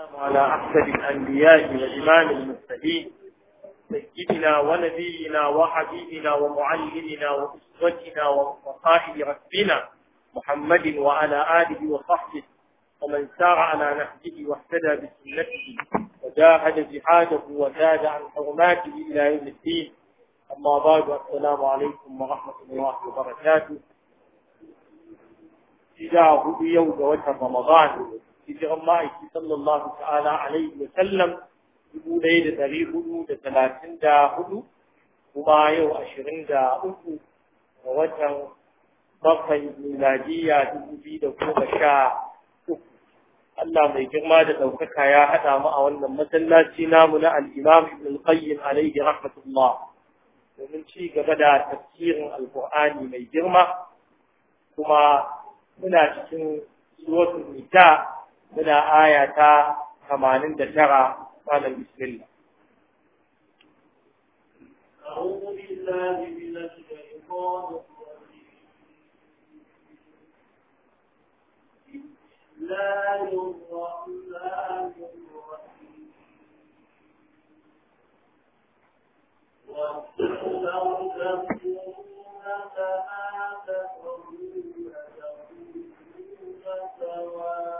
والسلام على أحسن الأنبياء وإمام المرسلين سيدنا ونبينا وحبيبنا ومعلمنا وأسوتنا وقائد ربنا محمد وعلى آله وصحبه ومن سار على نهجه واهتدى بسنته وجاهد جهاده وزاد عن حرماته إلى يوم الدين أما بعد السلام عليكم ورحمة الله وبركاته إذا هدي يوم وجه رمضان hijiran ma'aiki sallallahu ta'ala alaihi wa sallam dubu ɗaya da hudu da talatin da hudu kuma yau ashirin da uku ga watan bakwai miladiya dubu biyu da sha uku Allah mai girma da ɗaukaka ya haɗa mu a wannan masallaci namu na al Ibn al-Qayyim alaihi rahmatullah domin ci gaba da tafsirin alkur'ani mai girma kuma muna cikin suratul nita muna aya ta 89 malam bismillah أعوذ بالله من الشيطان الرجيم بسم الله الرحمن الرحيم ولو تكون كما تكون تكون سواء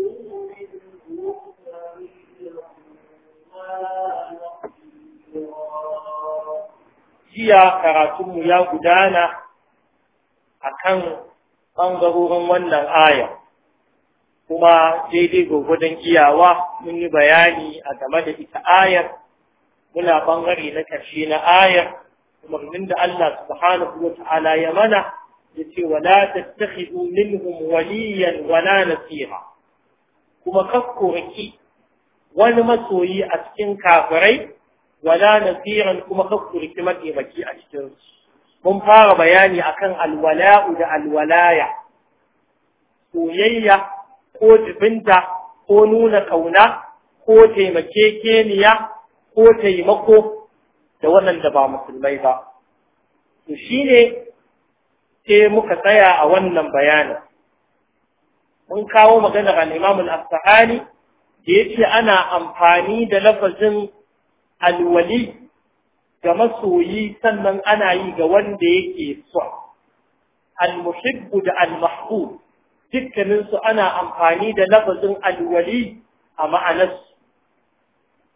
jiya karatunmu ya gudana akan ɓangarorin wannan aya kuma daidai gwagwadon iyawa mun yi bayani a game da ita ayar muna ɓangare na ƙarshe na ayar umarnin da Allah subhanahu wa ta'ala ya mana ya ce wa la tattakhidu minhum waliyan wa la nasira kuma kakkoki wani masoyi a cikin kafirai wala nasiran kuma kakku rikimake baki a cikin mun fara bayani akan alwala'u da alwalaya soyayya ko jibinta ko nuna kauna ko taimake taimakekeniya ko taimako da waɗanda ba musulmai ba to shine sai muka tsaya a wannan bayanin mun kawo maganar as asahani da ya ce ana amfani da lafazin alwali ga masoyi sannan ana yi ga wanda yake so almuhibbu da almahbub dukkaninsu ana amfani da lafazin alwali a ma'anarsu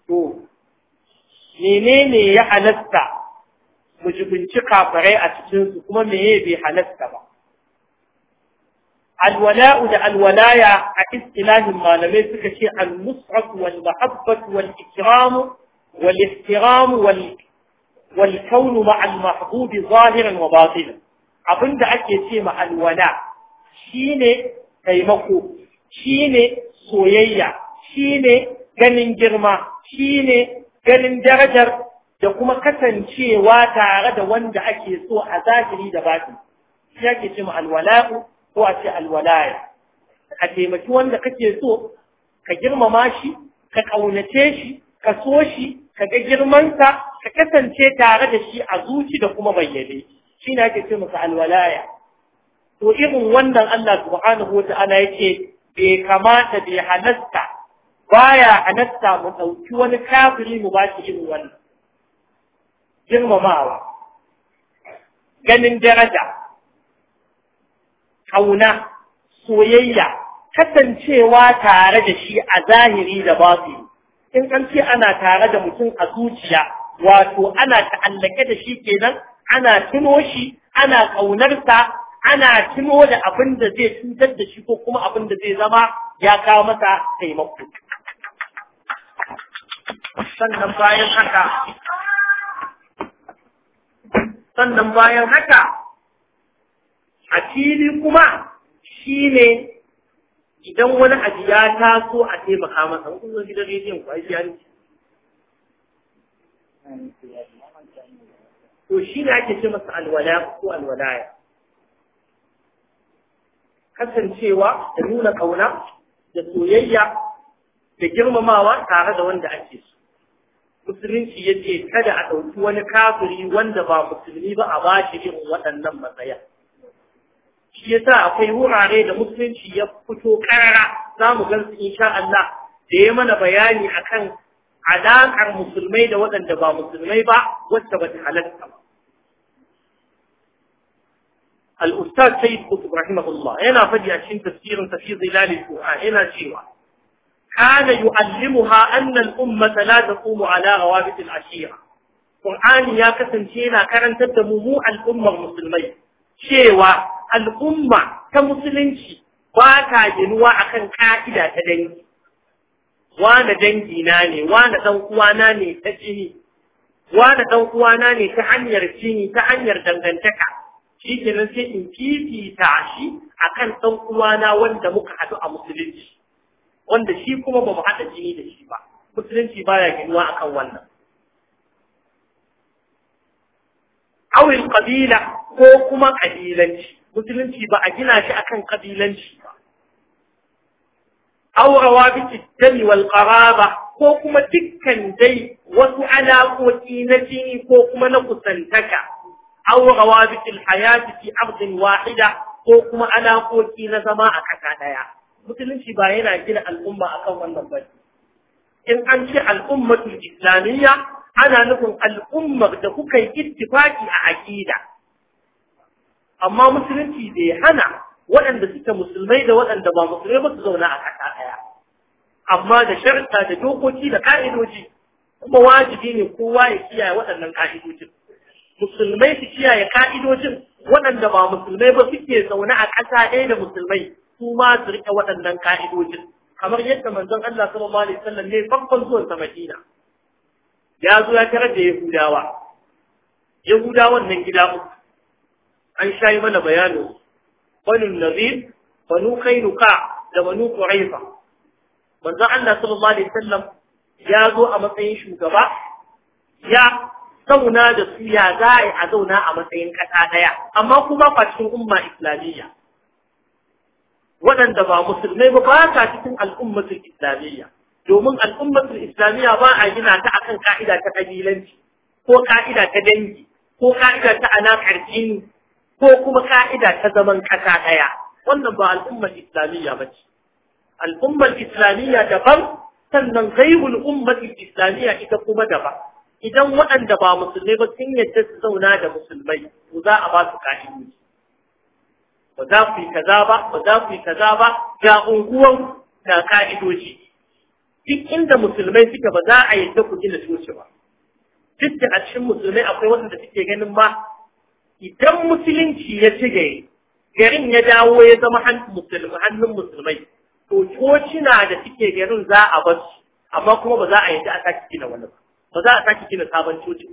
to menene ya halatta mu jibinci kafirai a cikinsu kuma meye bai halatta ba alwala'u da alwalaya a istilahin malamai suka ce al-mus'ab wal mahabbat والاحترام وال... والكون مع المحبوب ظاهرا وباطنا abin da ake ce ma alwala shine taimako shine soyayya shine ganin girma shine ganin darajar da kuma kasancewa tare da wanda ake so a zahiri da baki shi ake ce ma alwala'u ko a ce alwalaya a taimaki wanda kake so ka girmama shi ka ƙaunace shi ka so shi ka ga girmansa ka kasance tare da shi a zuci da kuma bayyane shi na ake ce masa alwalaya to irin wannan Allah subhanahu wata'ala yake bai kamata bai halasta baya halasta mu ɗauki wani kafiri mu ba shi irin wannan girmamawa ganin daraja ƙauna soyayya kasancewa tare da shi a zahiri da basu in an ce ana tare da mutum a zuciya wato ana ta'allake da shi kenan ana tuno shi ana ƙaunarsa ana tuno da abin da zai cutar da shi ko kuma abin da zai zama ya kawo masa taimako sannan bayan haka sannan bayan haka a fili kuma shine idan wani abu ya taso a taimaka masa kun zo gidan rediyon ku aiki ne to shi ne ake ce masa alwala ko alwalaya kasancewa da nuna kauna da soyayya da girmamawa tare da wanda ake so musulunci ya ce kada a ɗauki wani kafiri wanda ba musulmi ba a bashi irin waɗannan matsayar. shi yasa akwai wurare da musulunci ya fito karara za mu gan su insha Allah da ya mana bayani akan alaƙar musulmai da waɗanda ba musulmai ba wacce ba ta halatta ba. Al'ustaz Sayyid Qutb rahimahullah yana faɗi a cikin tafsirin tafsir zilalil Qur'an yana cewa kana yu'allimuha anna al-ummata la taqumu ala rawabit al-ashira. Qur'ani ya kasance yana karantar da mu mu al'ummar musulmai cewa al'umma ta musulunci ba ta ginuwa akan ka'ida ta dangi wane dangi na ne wane ɗan uwana ne ta jini wane ɗan uwana ne ta hanyar jini ta hanyar dangantaka shi nan sai in ta shi akan ɗan uwana wanda muka haɗu a musulunci wanda shi kuma ba mu haɗa jini da shi ba musulunci baya ginuwa kan wannan awil ƙabila ko kuma ƙabilanci. musulunci ba a gina shi akan kabilanci ba aurawa biki dami wal qaraba ko kuma dukkan dai wasu alaƙoƙi na jini ko kuma na kusantaka aw biki al hayati fi ardin wahida ko kuma alaƙoƙi na zama a ƙasa ɗaya musulunci ba yana gina al'umma akan wannan ba in an ce al'ummatul islamiyya ana nufin al'ummar da kuka yi ittifaki a aqida amma musulunci ya hana waɗanda suke musulmai da waɗanda ba musulmai ba su zauna a ƙasa ɗaya amma da sharta, da dokoki da ka'idoji kuma wajibi ne kowa ya kiyaye waɗannan ka'idojin. musulmai su kiyaye ka'idojin waɗanda ba musulmai ba suke zaune a ƙasa ɗaya da musulmai su ma su riƙe waɗannan ka'idojin. kamar yadda manzon Allah sallallahu alaihi wasallam ne farkon zuwan sa Madina ya zo ya tarar da Yahudawa Yahudawan nan gida uku an shayi mana bayanin banu nazir banu kairuka da banu quraifa an Allah sallallahu alaihi wasallam ya zo a matsayin shugaba ya zauna da su ya za a zauna a matsayin kasa daya amma kuma ba umma islamiyya waɗanda ba musulmai ba ba ta cikin al'ummatul islamiyya domin al'ummatul islamiyya ba a gina ta akan ka'ida ta kabilanci ko ka'ida ta dangi ko ka'ida ta alaƙar ko kuma ka'ida ta zaman kasa ɗaya wannan ba al'ummar islamiyya ba ce al'ummar islamiyya daban sannan gaibul ummar islamiyya ita kuma daban idan waɗanda ba musulmai ba sun yadda su zauna da musulmai to za a ba su ka'idoji ba za ku yi kaza ba ba za ku yi kaza ba ga unguwan da ka'idoji duk inda musulmai suke ba za a yadda ku gina coci ba duk da a cikin musulmai akwai waɗanda suke ganin ma idan musulunci ya ci gari garin ya dawo ya zama hannun musulmai to cocina da suke garin za a bar su amma kuma ba za a yanzu a sake gina wani ba ba za a sake gina sabon cocin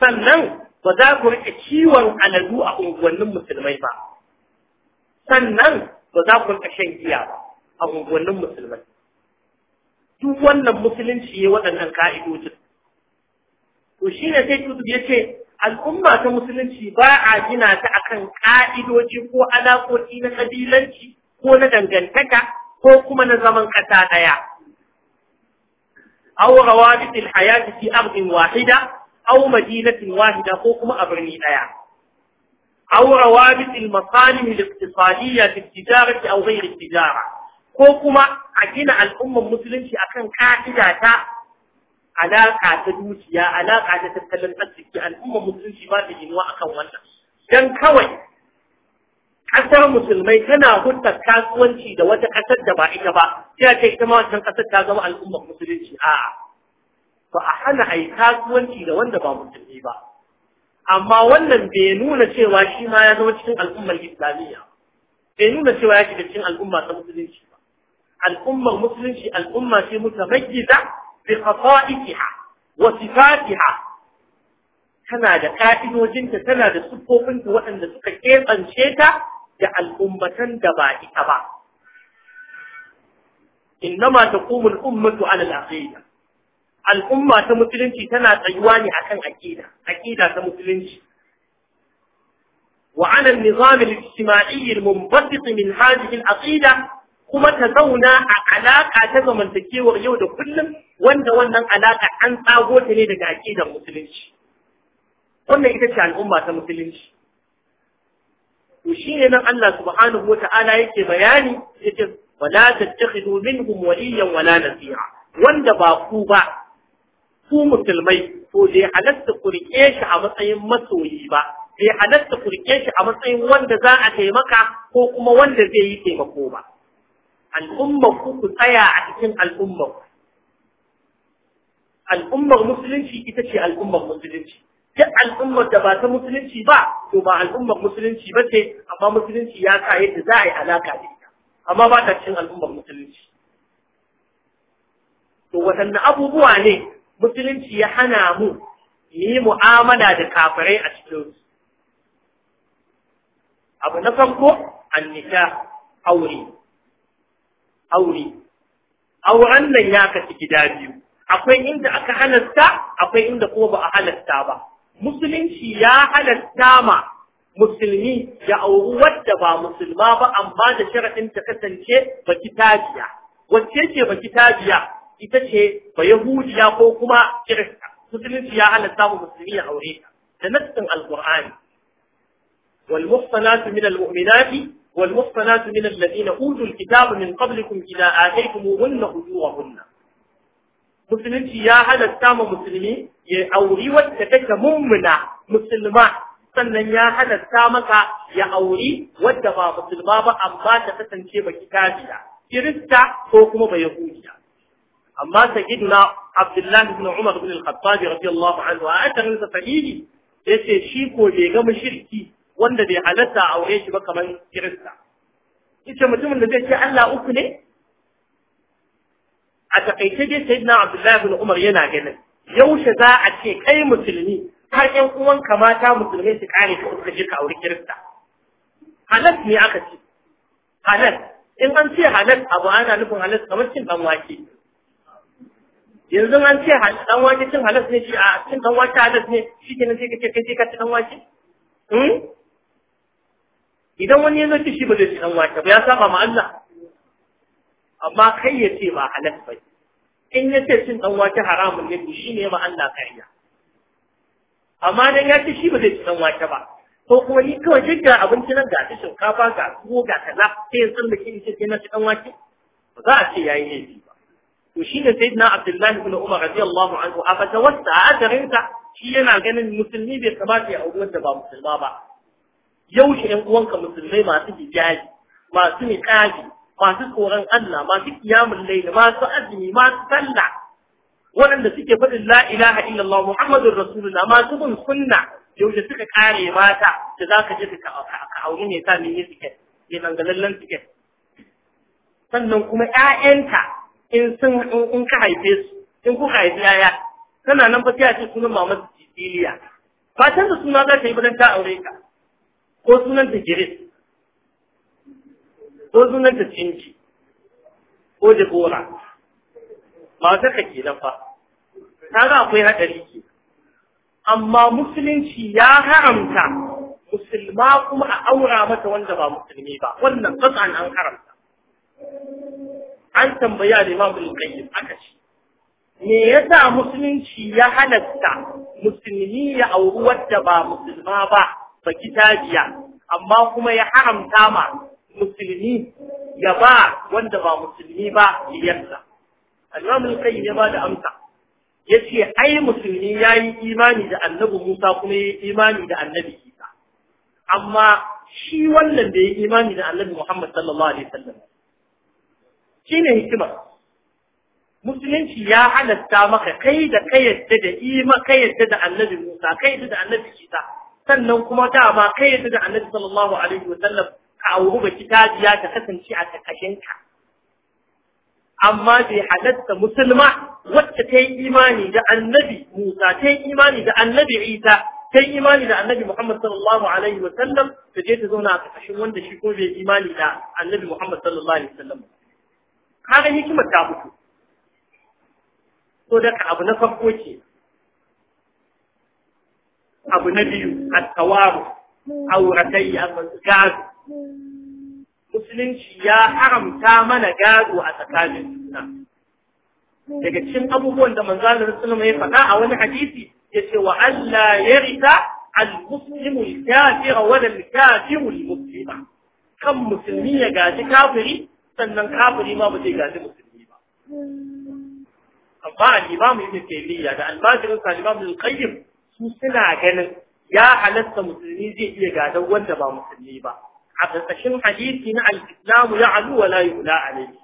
sannan ba za ku riƙe ciwon aladu a unguwannin musulmai ba sannan ba za ku riƙe shan giya ba a unguwannin musulmai duk wannan musulunci ya waɗannan ka'idojin to shi ne sai kutub ya ce al'umma ta musulunci ba a gina ta akan ka'idoji ko alaƙoƙi na ƙabilanci ko na dangantaka ko kuma na zaman ƙasa ɗaya. Aw rawabit al-hayati fi ardin wahida aw madinatin wahida ko kuma a birni ɗaya. Aw rawabit al-masalih al-iqtisadiyya fi tijarati aw ghayr tijara ko kuma a gina al'umman musulunci akan ka'ida ta Alaƙa ta dukiya alaƙa ta tattalin arziki al'umma musulunci ba ta a kan wannan don kawai ƙasar musulmai tana hutta kasuwanci da wata ƙasar da ba ita ba ya ce ita ma wancan kasar ta zama al'umma musulunci a'a ba a hana a yi kasuwanci da wanda ba musulmi ba amma wannan bai nuna cewa shi ma ya zama cikin al'ummar islamiyya bai nuna cewa ya shiga cikin al'umma ta musulunci ba al'ummar musulunci al'umma ce mutamayyiza بخصائصها وصفاتها tana da ka'idojinta tana da siffofinta waɗanda suka keɓance ta da al'ummatan da ba ita ba innama taqumu al-ummatu 'ala al-aqida al'umma ta musulunci tana tsayuwa ne akan aqida aqida ta musulunci wa 'ala an-nizam al-ijtima'i al-munbatit kuma ta zauna a alaka ta zamantakewar yau da kullum wanda wannan alaka an tsago ta ne daga aqidar musulunci wannan ita ce al'umma ta musulunci to ne nan Allah subhanahu ta'ala yake bayani yake wala tattakhidu minhum waliyan wala nasira wanda ba ku ba ku musulmai to dai halatta kurke shi a matsayin masoyi ba bai halatta kurke shi a matsayin wanda za a taimaka ko kuma wanda zai yi taimako ba al'ummar ku ku tsaya a cikin al'ummar al'ummar musulunci ita ce al'ummar musulunci duk al'ummar da ba ta musulunci ba to ba al'ummar musulunci ba ce amma musulunci ya sa yadda za a yi alaka da ita amma ba ta cikin al'ummar musulunci to waɗanne abubuwa ne musulunci ya hana mu yi mu'amala da kafirai a cikin abu na farko annisha aure aure auren nan ya kasu gida biyu akwai inda aka halasta akwai inda kuma ba a halasta ba musulunci ya halasta ma musulmi ya auri wadda ba musulma ba amma da sharaɗin ta kasance baki kitabiya wacce ce ba kitabiya ita ce ba yahudiya ko kuma kirista musulunci ya halasta ma musulmi ya aure ta da nassin alqur'ani wal muhsanatu min al والمحصنات من الذين أوتوا الكتاب من قبلكم إذا آتيتموهن أجورهن musulunci ya halatta ma musulmi ya auri wacce take mummuna musulma sannan ya halatta maka ya auri wadda ba musulma ba amma ta kasance ba kitabiya kirista ko kuma ba yahudiya amma sayyiduna abdullahi ibn umar ibn al-khattab radiyallahu anhu a asarin sa sahihi yace shi ko bai ga mushriki wanda bai halatta a aure shi ba kamar kirista ita mutumin da zai ce Allah uku ne a takaice dai sayyidina Abdullahi bin Umar yana ganin yaushe za a ce kai musulmi har ƴan uwan mata musulmai su kare ka uku je ka aure kirista Halat ne aka ce Halat in an ce halat abu ana nufin halat kamar cin dan wake yanzu an ce dan wake cin halat ne shi a cin dan wake halat ne shi kenan sai ka ce kai sai ka ci dan wake hmm? idan wani ya zai shi ba zai ci dan wake ba ya saba ma Allah amma kai ya ce ba halal ba in ya ce cin dan wake haramun ne shi ne ma Allah kariya amma dan ya ce shi ba zai ci dan wake ba ko kuma ni kawai duk abinci nan ga shinkafa ga tuwo ga kaza sai ya san da kin ce sai na ci dan wake ba za a ce yayi laifi ba to shine sayyidina Abdullahi ibn Umar radiyallahu anhu a fata wasta a garinka shi yana ganin musulmi bai kamata ya auri da ba musulma ba yaushe ‘yan uwanka musulmai masu hijabi masu niƙabi masu tsoron Allah masu kiyamun laila masu azumi masu sallah waɗanda suke faɗin la ilaha illallah Muhammadu rasulullah masu bin sunna yaushe suka kare mata da za ka je ka auri ne sa ne suke ne galallan suke sannan kuma ‘ya'yanta in sun in ka haife su in kuka haifi ‘ya'ya tana nan ba sai a ce sunan mamar Cecilia. ba canza suna za ta yi ba ta aure ka ko sunanta giris ko sunanta cinji ko jagora ba ka ke na fa Ta ga akwai haɗari ke amma musulunci ya haramta musulma kuma a aura mata wanda ba musulmi ba wannan kasan an haramta an tambaya da imamu al-qayyim aka ce me yasa musulunci ya halatta musulmi ya auri wadda ba musulma ba bakitabiya amma kuma ya haramta ma musulmi ya ba wanda ba musulmi ba diyarsa al-imam al ya bada da amsa yace ai musulmi yayi imani da annabi Musa kuma yayi imani da annabi Isa amma shi wannan da yayi imani da annabi Muhammad sallallahu alaihi wasallam shine hikima musulunci ya halatta maka kai da kai yadda da ima kai yadda da annabi Musa kai yadda da annabi Isa sannan kuma ta dama kai yadda da annabi sallallahu alaihi wa sallam ka auri baki tajiya ta kasance a kakashin ka amma bai halatta musulma wacce ta yi imani da annabi Musa ta yi imani da annabi Isa ta yi imani da annabi Muhammad sallallahu alaihi wa sallam ta je ta zauna a kakashin wanda shi ko bai imani da annabi Muhammad sallallahu alaihi wa sallam kaga hikimar ta fito So da abu na farko ke abu na biyu a tawaru auratayya gado musulunci ya haramta mana gado a tsakanin juna daga cikin abubuwan da manzo da sallama ya faɗa a wani hadisi ya ce, wa ya rita al-muslimu al-kafira wa al-kafiru muslima kan musulmi ya gaji kafiri sannan kafiri ma ba zai gaji musulmi ba amma al-imam ibn taymiya da al-bajir al-imam al-qayyim su suna ganin ya halatta musulmi zai iya gadon wanda ba musulmi ba a ƙarƙashin hadisi na al-islamu ya alu wa la yula alayhi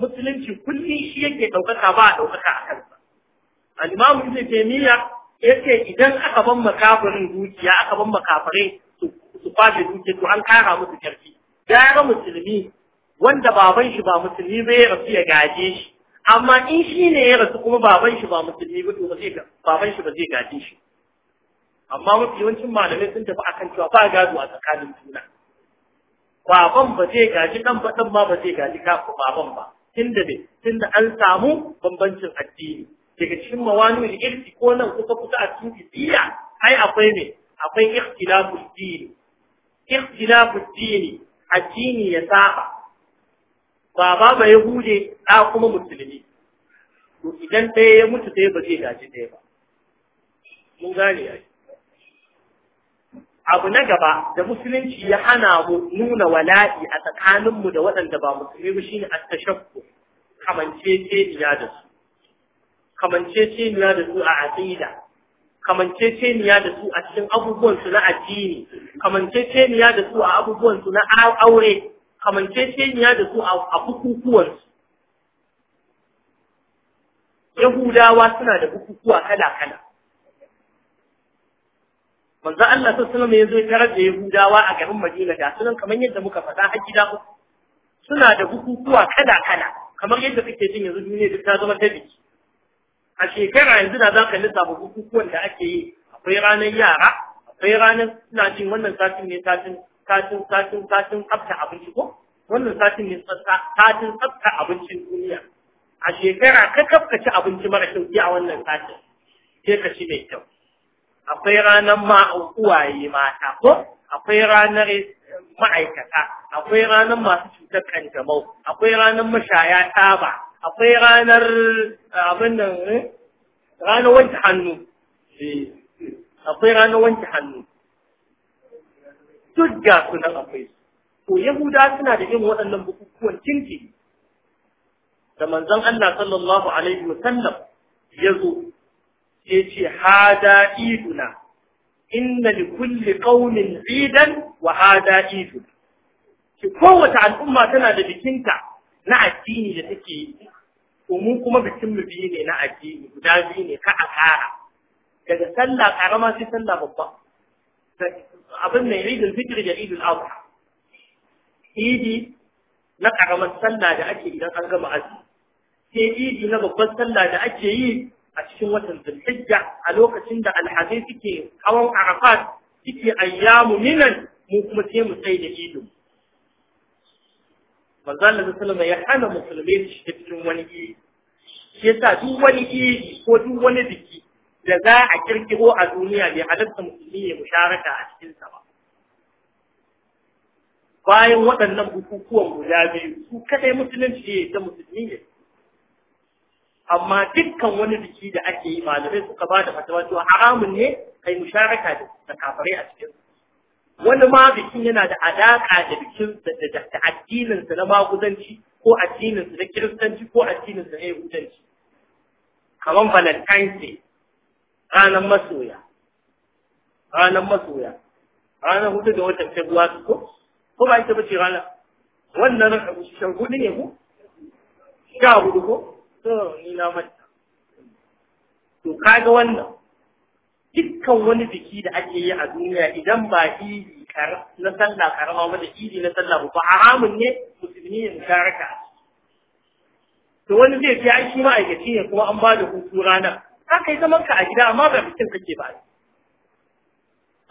musulunci kulli shi yake ɗaukaka ba a ɗaukaka a kansa al-imamu ibn taymiya yace idan aka ban makafirin dukiya aka ban makafirai su kwace dukiya to an kara musu karfi gara musulmi wanda baban shi ba musulmi bai ya rasu ya gaje shi amma in shi ne ya rasu kuma baban shi ba musulmi ba to ba zai baban shi ba zai gaje shi amma mafi yawancin malamai sun tafi akan cewa ba gado a tsakanin juna baban ba zai gaji dan ba ma ba zai gaji kafin baban ba tunda ne tunda an samu bambancin addini daga cikin mawani da irki ko nan kusa kusa a cikin biya. ai akwai ne akwai ikhtilafud din ikhtilafud din addini ya saba baba bai hude, da kuma musulmi to idan ɗaya ya mutu dai ba zai gaji dai ba mun gane ai abu na gaba da musulunci ya hana mu nuna wala'i a tsakaninmu da waɗanda ba musulmi ba shine at-tashakku niya da su ce niya da su a aqida niya da su a cikin abubuwan su na addini ce niya da su a abubuwan su na aure ce niya da su a bukukuwan su Yahudawa suna da bukukuwa kala-kala manzo Allah sallallahu alaihi wasallam ya tarar da Yahudawa a garin Madina da sunan kamar yadda muka faɗa a gida ku suna da bukukuwa kala kala kamar yadda kake jin yanzu duniya duk ta zama ta biki a shekara yanzu da za ka lissafa bukukuwan da ake yi akwai ranar yara akwai ranar suna jin wannan satin ne satin satin satin satin tsafta abinci ko wannan satin ne satin tsafta abincin duniya a shekara ka ci abinci mara kyau a wannan satin sai ka ci mai kyau akwai ranar ma'aukuwaye mata ko akwai ranar ma'aikata akwai ranar masu cutar kanjamau akwai ranar mashaya taba akwai ranar eh, abin nan eh, ranar wanke hannu akwai ranar wanke hannu duk ga sunan akwai to yahuda suna da yin waɗannan bukukuwan kinki da manzon Allah sallallahu alaihi wa sallam ya zo sai ce hada iduna inna li kulli qaumin idan wa hada idu. ki kowace al'umma tana da bikinta na addini da take yi to mu kuma bikin mu biyu ne na addini guda biyu ne ka asara. daga sallah karama sai sallah babba abin nan idul fitr da idul adha idi na karamar sallah da ake idan an gama azumi sai idi na babban sallah da ake yi a cikin watan zulhijja a lokacin da alhazai suke hawan arafat suke ayyamu minan mu kuma sai mu sai da ido manzo Allah sallama ya hana musulmai su shiga cikin wani idi shi yasa duk wani idi ko duk wani biki da za a kirkiro a duniya bai halatta musulmi ya musharaka a cikin sa ba bayan waɗannan bukukuwan guda biyu su kadai musulunci ya ta musulmi ne amma dukkan wani biki da ake yi malamai suka ba da fatawa cewa haramun ne kai musharaka da kafirai a cikin wani ma bikin yana da alaka da bikin da addinin sa na maguzanci ko addinin sa na kiristanci ko addinin sa na yahudanci kamar valentine day ranar masoya ranar masoya ranar hudu da watan februari ko ko ba ita bace ranar wannan shan hudu ne ko sha hudu ko ni na manta to kaga wannan dukkan wani biki da ake yi a duniya idan ba idi na sallah karama ba da idi na sallah ba haramun ne musulmi ya musharaka to wani zai fi aiki shi ma'aikaci ne kuma an ba da hutu ranar haka yi zaman ka a gida amma ba bikin kake ba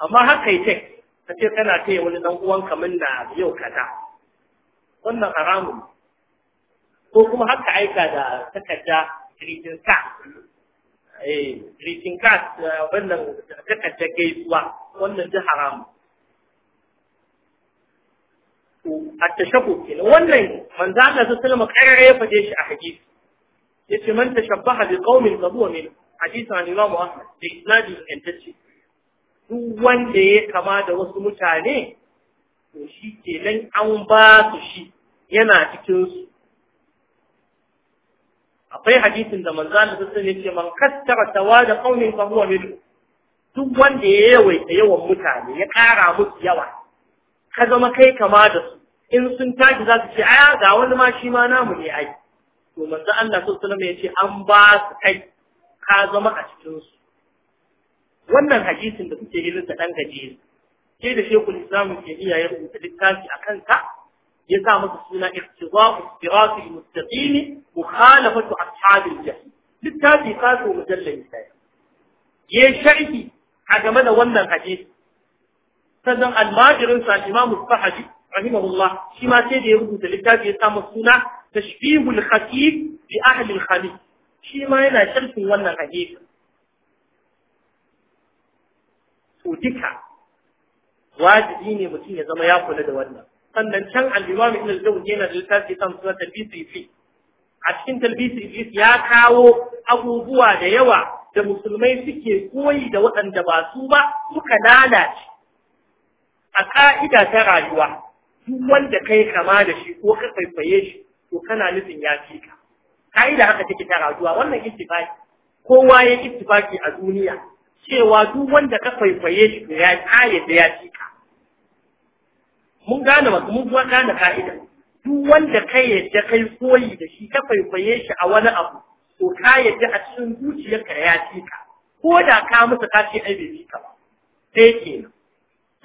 amma haka yi tek ka ce kana taya wani dan uwan kamar na yau kaza wannan haramun ne ko kuma haka aika da takarda greeting card eh greeting card eh, wannan takarda gaisuwa wannan ji haramu at-tashabbuh kenan wannan manzo Allah sallallahu alaihi wasallam karare ya fade shi a hadisi yace man tashabbaha bi qaumin fa min hadisi an Imam Ahmad bi isnadi ingantacce duk wanda ya kama da wasu mutane to shi kenan an ba su shi yana cikin su akwai hadisin da manzo Allah sun alaihi ce man kattara tawada qaumin fa huwa minhu duk wanda ya yawaita yawan mutane ya kara musu yawa ka zama kai kama da su in sun tashi za su ce aya ga wani ma shi ma namu ne ai to manzo Allah sallallahu alaihi wasallam ya ce an ba su kai ka zama a cikin su wannan hadisin da kuke yi da dan gaje sai da Sheikhul Islam ke iya ya rubuta littafi akan ka ya sa masa suna iqtida'u siratil mustaqim mukhalafatu ashabil jahil littafi kaso mujallal sai ya sharhi a game da wannan hadisi sannan almajirin sa imamu fahadi rahimahullah shi ma sai da ya rubuta littafi ya sa masa suna tashbihul khatib bi ahli al shi ma yana sharhin wannan hadisi to duka wajibi ne mutum ya zama ya kula da wannan sannan can Alimami imam ibn al-zawji yana da littafi kan suna talbisi fi a cikin talbisi fi ya kawo abubuwa da yawa da musulmai suke koyi da waɗanda ba su ba suka lalace a ka'ida ta rayuwa duk wanda kai kama da shi ko ka faifaye shi to kana nufin ya fi ka ka'ida haka take ta rayuwa wannan ittifaqi kowa ya ittifaqi a duniya cewa duk wanda ka faifaye shi to ya ƙayyade ya fi ka mun gane mun kuma gane ka'ida duk wanda ka yadda kai koyi da shi ka kwaikwaye shi a wani abu to ka yadda a cikin zuciyarka ya ci ka ko da ka musu ka ce ai bai ka ba sai kenan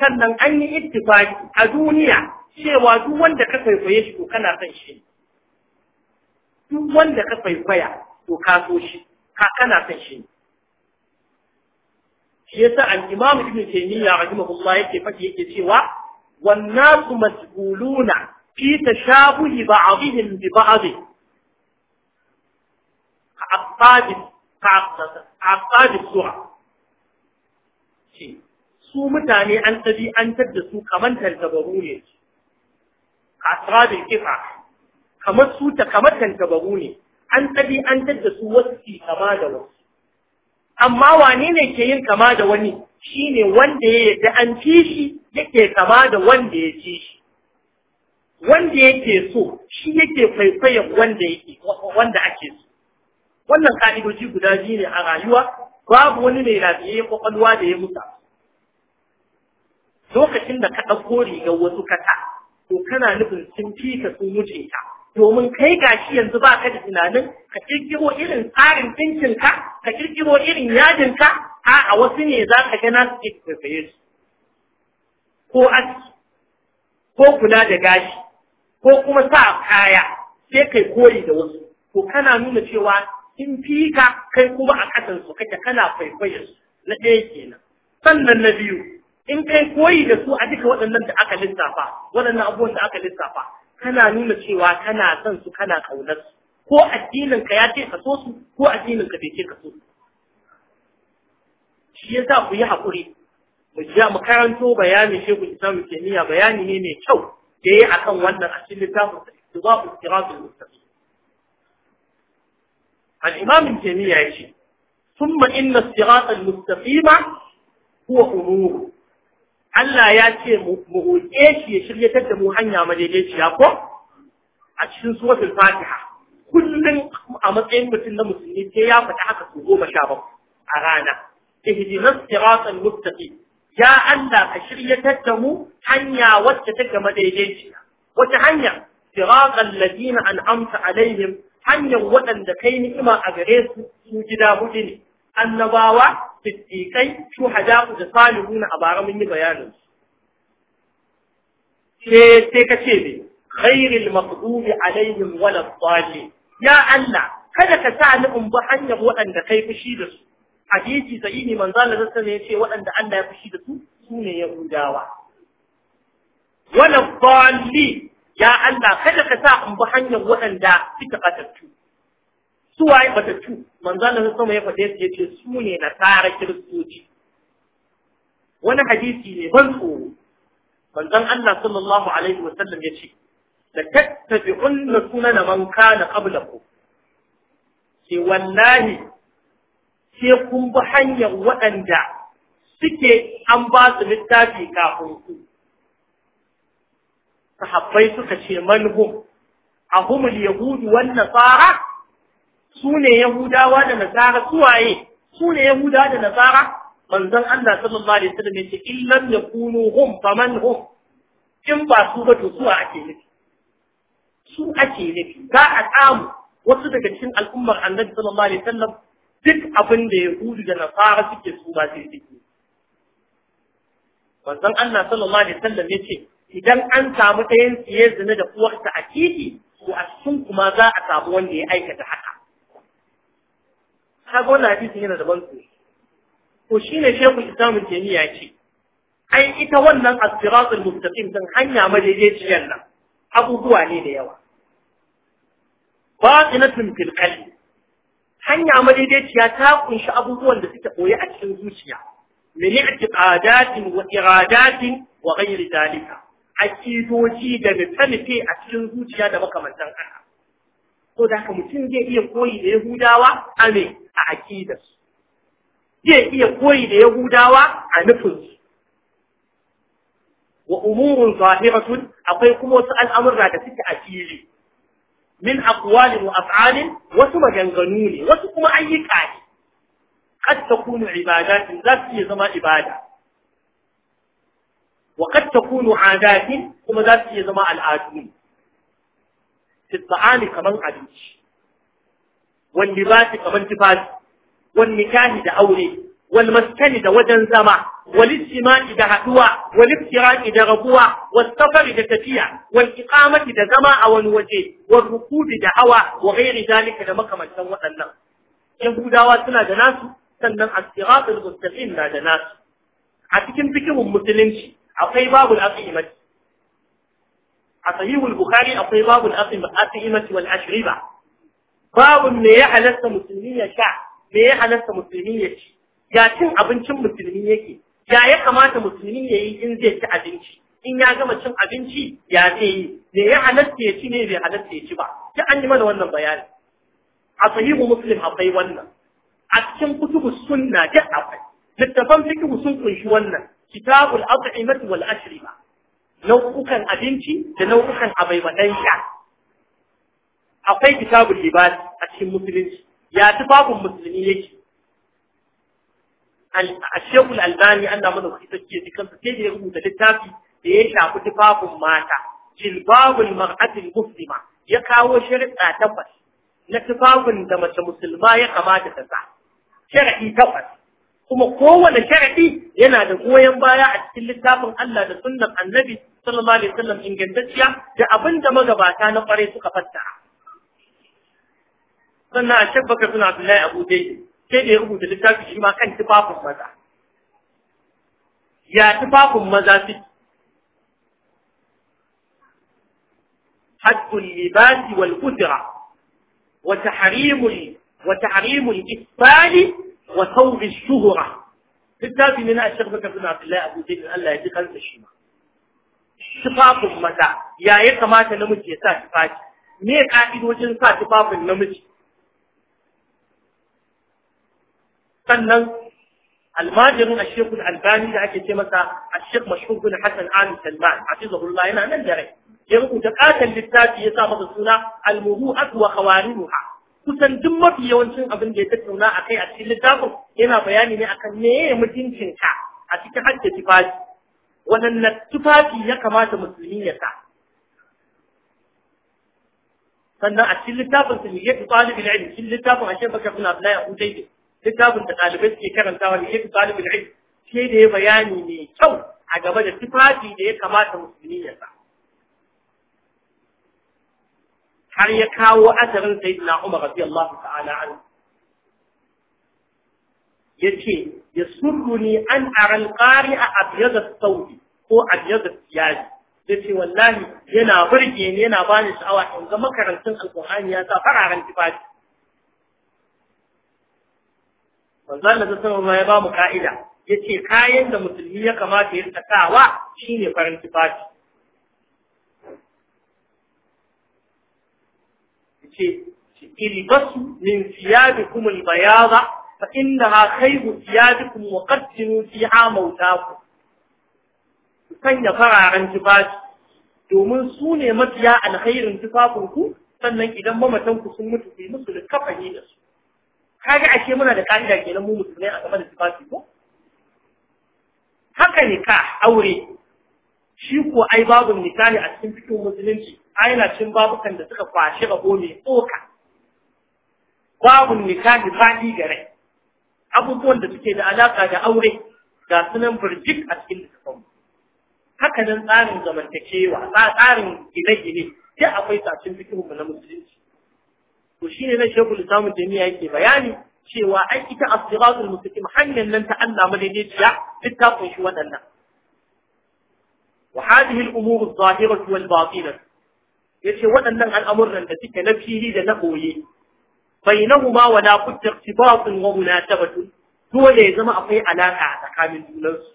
sannan an yi ittifaki a duniya cewa duk wanda ka kwaikwaye shi to kana son shi duk wanda ka kwaikwaya to ka so shi ka kana son shi shi yasa al-imam ibn taymiyyah rahimahullah yake fadi yake cewa والناس مسؤولون في تشابه بعضهم ببعض كأقطاب كأقطاب السرعة su mutane an an tadda su kamar tantabaru ne a asrabin kifa kamar su ta kamar tantabaru ne an ɗabi'antar da su wasu kama da wasu amma wane ne ke yin kama da wani shine wanda ya yadda an ci shi yake kama da wanda ya ci shi wanda yake so shi yake kwaikwayon wanda yake wanda ake so wannan ka'idoji guda biyu ne a rayuwa babu wani mai ya kwakwalwa da ya musa lokacin da ka ɗauko rigar wasu kasa to kana nufin sun fi ka sun wuce ka domin kai gashi yanzu ba ka da tunanin ka ƙirƙiro irin tsarin ɗinkinka ka ƙirƙiro irin yajinka? a'a wasu ne za ka gana su ke tsaye su ko aski ko kula da gashi ko kuma sa kaya sai kai koyi da wasu to kana nuna cewa in fi ka kai kuma a kasan su kake kana faifayar su na ɗaya kenan sannan na biyu in kai koyi da su a duka waɗannan da aka lissafa waɗannan abubuwan da aka lissafa kana nuna cewa kana son su kana ƙaunar su ko addinin ka ya ce ka so su ko addinin ka bai ce ka so su shi za ku yi hakuri mu ji mu karanto bayanin Shehu Islam Taymiya bayani ne mai kyau da yayi akan wannan a cikin littafin Ittiba'u Siratul Mustaqim al-Imam Taymiya yace ثم إن الصراط المستقيم هو أمور Allah ya ce mu roƙe shi ya shiryatar da mu hanya madaidaiciya ko a cikin suratul Fatiha kullum a matsayin mutum na musulmi sai ya faɗi haka su goma sha bakwai a rana اهدنا الصراط المستقيم يا الله اشريت تمو حنيا وتتك مدايجيا وتحنيا صراط الذين انعمت عليهم حنيا ودن ده كاي نيما اغريس نجدا بودني انباوا صديقاي شو حجا وصالحون ابارم من بيان تكتبي خير المقدوم عليهم ولا الضالين يا الله كذا تسعى بحنيا ودن ده كاي hadisi sahihi manzo Allah sallallahu alaihi yace waɗanda Allah ya fushi da su sune yahudawa wala dhalli ya Allah kada ka sa in bi hanyar waɗanda suka katattu su waye batattu manzo Allah sallallahu alaihi ya faɗe su yace sune nasara kiristoci wani hadisi ne ban tsoro manzon Allah sallallahu alaihi wasallam yace da tattabi'unna sunana man kana qablakum sai wallahi sai kun bi hanyar waɗanda suke an ba su littafi kafin ku sahabbai suka ce manhum humul yahudu wan nasara ne yahudawa da nasara suwaye ne yahudawa da nasara manzon Allah sallallahu alaihi wasallam yace illam yakunu hum man hum in ba su ba to su ake nufi su ake nufi za a samu wasu daga cikin al'ummar Annabi sallallahu alaihi wasallam duk abin da yahudu da nasara suke su ba sai suke Wannan Allah sallallahu alaihi wasallam ce, idan an samu ɗayan siye zina da uwarsa a titi to a cikin kuma za a samu wanda ya aikata haka kaga wannan hadisi yana da su. to shine shehu Jami ya ce ai ita wannan as-siratul mustaqim din hanya madaidaiciyar nan abubuwa ne da yawa batinatun fil qalbi hanya madaidaiciya ta kunshi abubuwan da suke koyi a cikin zuciya min i'tiqadatin wa iradatin wa ghairi dalika akidoji da mutane a cikin zuciya da makamantan haka so da haka mutum zai iya koyi da yahudawa a ne a akidarsu zai iya koyi da yahudawa a nufinsu wa umurun zahiratun akwai kuma wasu al'amurra da suke a fili min aqwalin wa af'alin wasu maganganu ne wasu kuma ayyuka ne kad takunu ibadatin za su iya zama ibada wa kad takunu adatin kuma za su iya zama al'adu ne fi ta'ami kaman abinci wal libasi kaman tufafi wal nikahi da aure Walmaskani da wajen zama wal da haɗuwa, wal da rabuwa was safari da tafiya wal iqamati da zama a wani waje wal rukubi da hawa wa ghairi da makamantan waɗannan yahudawa suna da nasu sannan as-siratul mustaqim na da nasu a cikin fikihun musulunci akwai babul aqimati a sahihul bukhari akwai babul aqimati ya halasta ya sha me ya halasta ya ci ga cin abincin musulmi yake ya ya kamata musulmi ya yi in zai ci abinci in ya gama cin abinci ya zai yi me ya halatta ya ci ne bai halatta ya ci ba Ki an yi mana wannan bayani a sahihu muslim akwai wannan a cikin kutubu sunna duk akwai littafan fiqh sun kunshi wannan kitabul at'imati wal ashriba nau'ukan abinci da nau'ukan abaibadan sha akwai kitabul libas a cikin musulunci ya tufafin musulmi yake Ashewul Albani Allah mana kuɗi sake ji kansa sai da ya rubuta littafi da ya shafi tufafin mata jilbabul mar'atil muslima ya kawo shari'a takwas na tufafin da mace musulma ya kamata ta sa shari'i takwas kuma kowane shari'i yana da goyon baya a cikin littafin Allah da sunnan Annabi sallallahu alaihi wasallam ingantacciya da abinda magabata na kwarai suka fassara sannan a shabbaka suna Abdullahi Abu Zaid sai da ya rubuta littafi shi ma kan tufafin maza ya tufafin maza su حد اللباس والأسرة وتحريم وتحريم الإسبال وثوب الشهرة littafi ne na Sheikh Bakar bin Abdullahi Abu Zaid Allah ya ji kansa shi ma tufafin maza ya ya kamata namiji ya sa tufafi me ka'idojin sa tufafin namiji sannan almajirin a shekul albani da ake ce masa a shek mashhur Hassan hasan ali salman zahurla yana nan da rai ya rubuta katon littafi ya sa masa suna almuru'at wa khawariruha kusan duk mafi yawancin abin da ya tattauna a kai a cikin littafin yana bayani ne akan meye mutuncinka a cikin hajji tufafi waɗanne tufafi ya kamata musulmi ya sa sannan a cikin littafin su ne ya fi ɗalibin ilmi cikin littafin a shekul bin abdullahi a hudai littafin da ɗalibai suke karantawa da yake ɗalibin rai, shi da ya bayani mai kyau a gaba da tufafi da ya kamata musulmi ya sa har ya kawo asarin na Umar su ta'ala Ya ce, ya yace ni an aral ƙari a abiyar sauri ko abyad siyari. Ya yace wallahi yana burge ni yana ba bani sha'awa in ga makarantun alqur'ani ya sa fararen tufafi manzo da sun ya ba mu ka'ida yace kayan da musulmi ya kamata ya sakawa shine farin tufafi yace ilbasu min siyabikum albayada fa innaha khayru siyabikum wa fi fiha mautakum sanya fararen tufafi domin su ne mafiya alkhairin tufafinku sannan idan mamatanku sun mutu ku yi musu kafani da su kaga ake muna da ka'ida kenan mu musulmai a game da sifati ko haka ne ka aure shi ko ai babu misali a cikin cikin musulunci ai na cikin babukan da suka kwashi rabo ne tsoka babu misali fadi gare abubuwan da suke da alaka da aure ga sunan birjik a cikin littafin haka nan tsarin zamantakewa tsarin gine-gine sai akwai sashen cikin na musulunci to shine na shekul islamu jami'a yake bayani cewa ai ita as-siratul hanyar nan ta Allah madaidaiciya duk ta kunshi waɗannan wa hadhihi al-umur adh-dhahiratu wal-batinah yace waɗannan al'amuran da suke na fili da na koye bainahuma wa la budda ikhtibatun wa munasabatun dole ya zama akwai alaka tsakanin junansu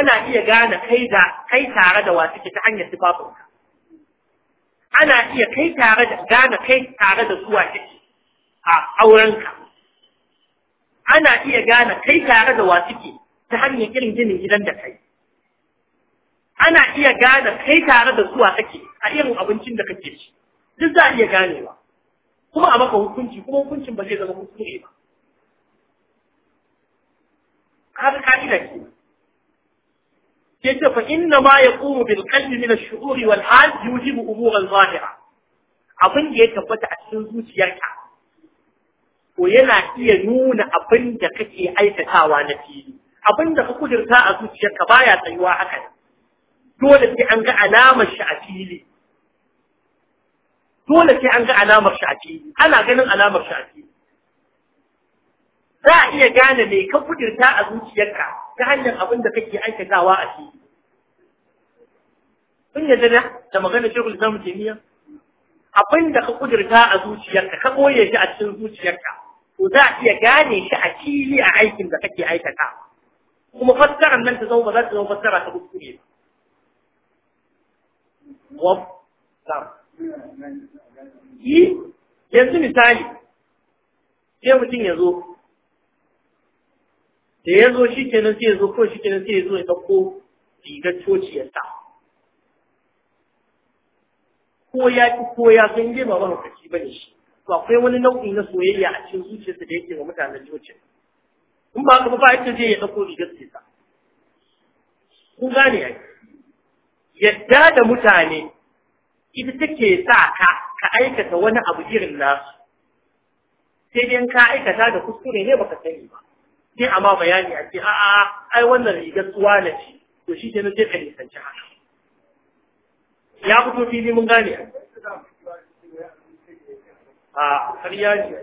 ana iya gane kai tare da wa suke ta hanyar sifafinka ana iya kai tare da gane kai tare da zuwa take a aurenka ana iya gane kai tare da wasu ke ta hanyar irin ginin gidan da kai ana iya gane kai tare da zuwa kake a irin abincin da kake ci duk za a iya ganewa kuma a maka hukunci kuma hukuncin ba zai zama kuskure ba ka ga ka'ida ke yace fa inna ma yaqumu bil qalbi min ash-shu'uri wal zahira abin da ya tabbata a cikin zuciyarka oyana iya nuna abin da kake aikatawa na fili abin da ka kudurta a zuciyarka baya tsayuwa haka dole dole sai an ga alamar shi a fili ana ganin alamar shi a fili za a iya gane mai ka kudirta a zuciyarka ta hanyar abin da kake aikatawa a ciki kun yadda da da magana shekul samun kimiyya abin da ka kudirta a zuciyarka ka koye shi a cikin zuciyarka to za a iya gane shi a fili a aikin da kake aikata kuma fassarar nan ta zama ba za ta zama fassara ta kuskure ba yanzu misali sai mutum ya zo da ya zo shi kenan sai ya zo ko shi kenan sai ya zo ya ɗauko rigar coci ya sa ko ya ki ko ya san dai ba mahaukaci ba ne shi ko akwai wani nau'i na soyayya a cikin zuciyarsa da yake wa mutanen coci? in ba haka ba ita zai ya ɗauko rigar sai sa kun gane ai yadda da mutane ita take sa ka ka aikata wani abu irin nasu sai dai ka aikata da kuskure ne ba ka sani ba sai a ma bayani a ce a'a ai wannan rigar tsuwa na ce to shi ke na je ka nisanci haka ya fito fili mun gane a ƙarya ne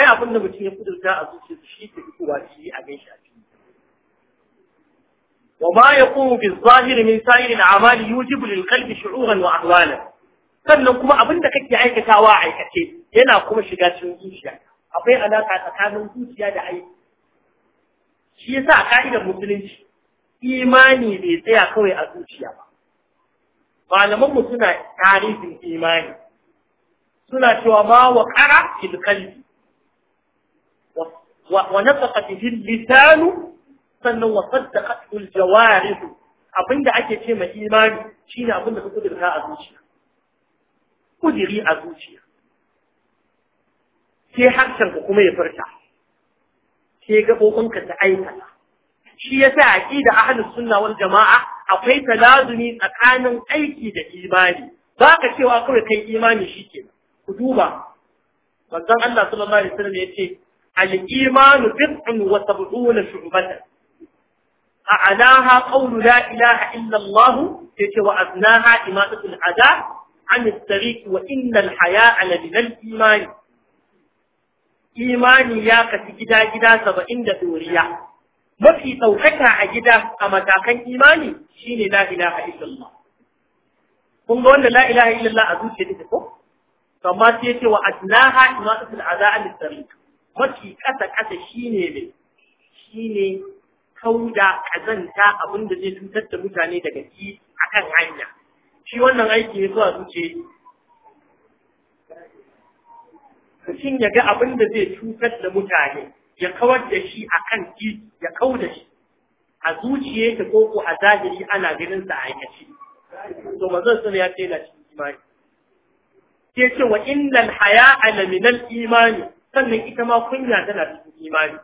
ai abin da mutum ya kudurta a zuciya shi ke fitowa shi a gan shi a fili وما يقوم بالظاهر من سائر الأعمال kalbi للقلب wa وأحوالا sannan kuma abin da kake aikatawa a aikace yana kuma shiga cikin zuciya akwai alaka tsakanin zuciya da aiki shi yasa a ka'idar musulunci imani bai tsaya kawai a zuciya ba malaman mu suna tarihin imani suna cewa ma wa ƙara fil wa nafaqa fil lisan sannan wa saddaqat al jawarih abinda ake ce ma imani shine abinda ka kudurta a zuciya kudiri a zuciya sai harshen ka kuma ya furta sai gaɓoɓinka ta aikata shi yasa aqida ahlus sunna wal jama'a akwai talazumi tsakanin aiki da imani baka cewa kawai kai imani ke? ku duba manzon Allah sallallahu alaihi wasallam yace al imanu bid'un wa sab'una shu'batan أعلاها قول لا إله إلا الله وأبناها إماتة wa عن الطريق وإن الحياء لمن imani. imani ya kasu gida gida saba'in da doriya mafi ɗaukaka a gida a matakan imani shine la ilaha illallah kun ga wanda la ilaha illallah a zuce da ko Kamar sai ce wa adnaha imatatul aza an tariq mafi ƙasa-ƙasa shi ne shine kauda abin da zai cutar da mutane daga shi kan hanya shi wannan aiki ne zuwa zuce? mutum ya ga abin da zai cutar da mutane ya kawar da shi a kan titi ya kau da shi a zuciye ta koko a zahiri ana ganin sa a aikace to zan sun ya ce na cikin imani ke ce wa innal haya la min al imani sannan ita ma kunya tana cikin imani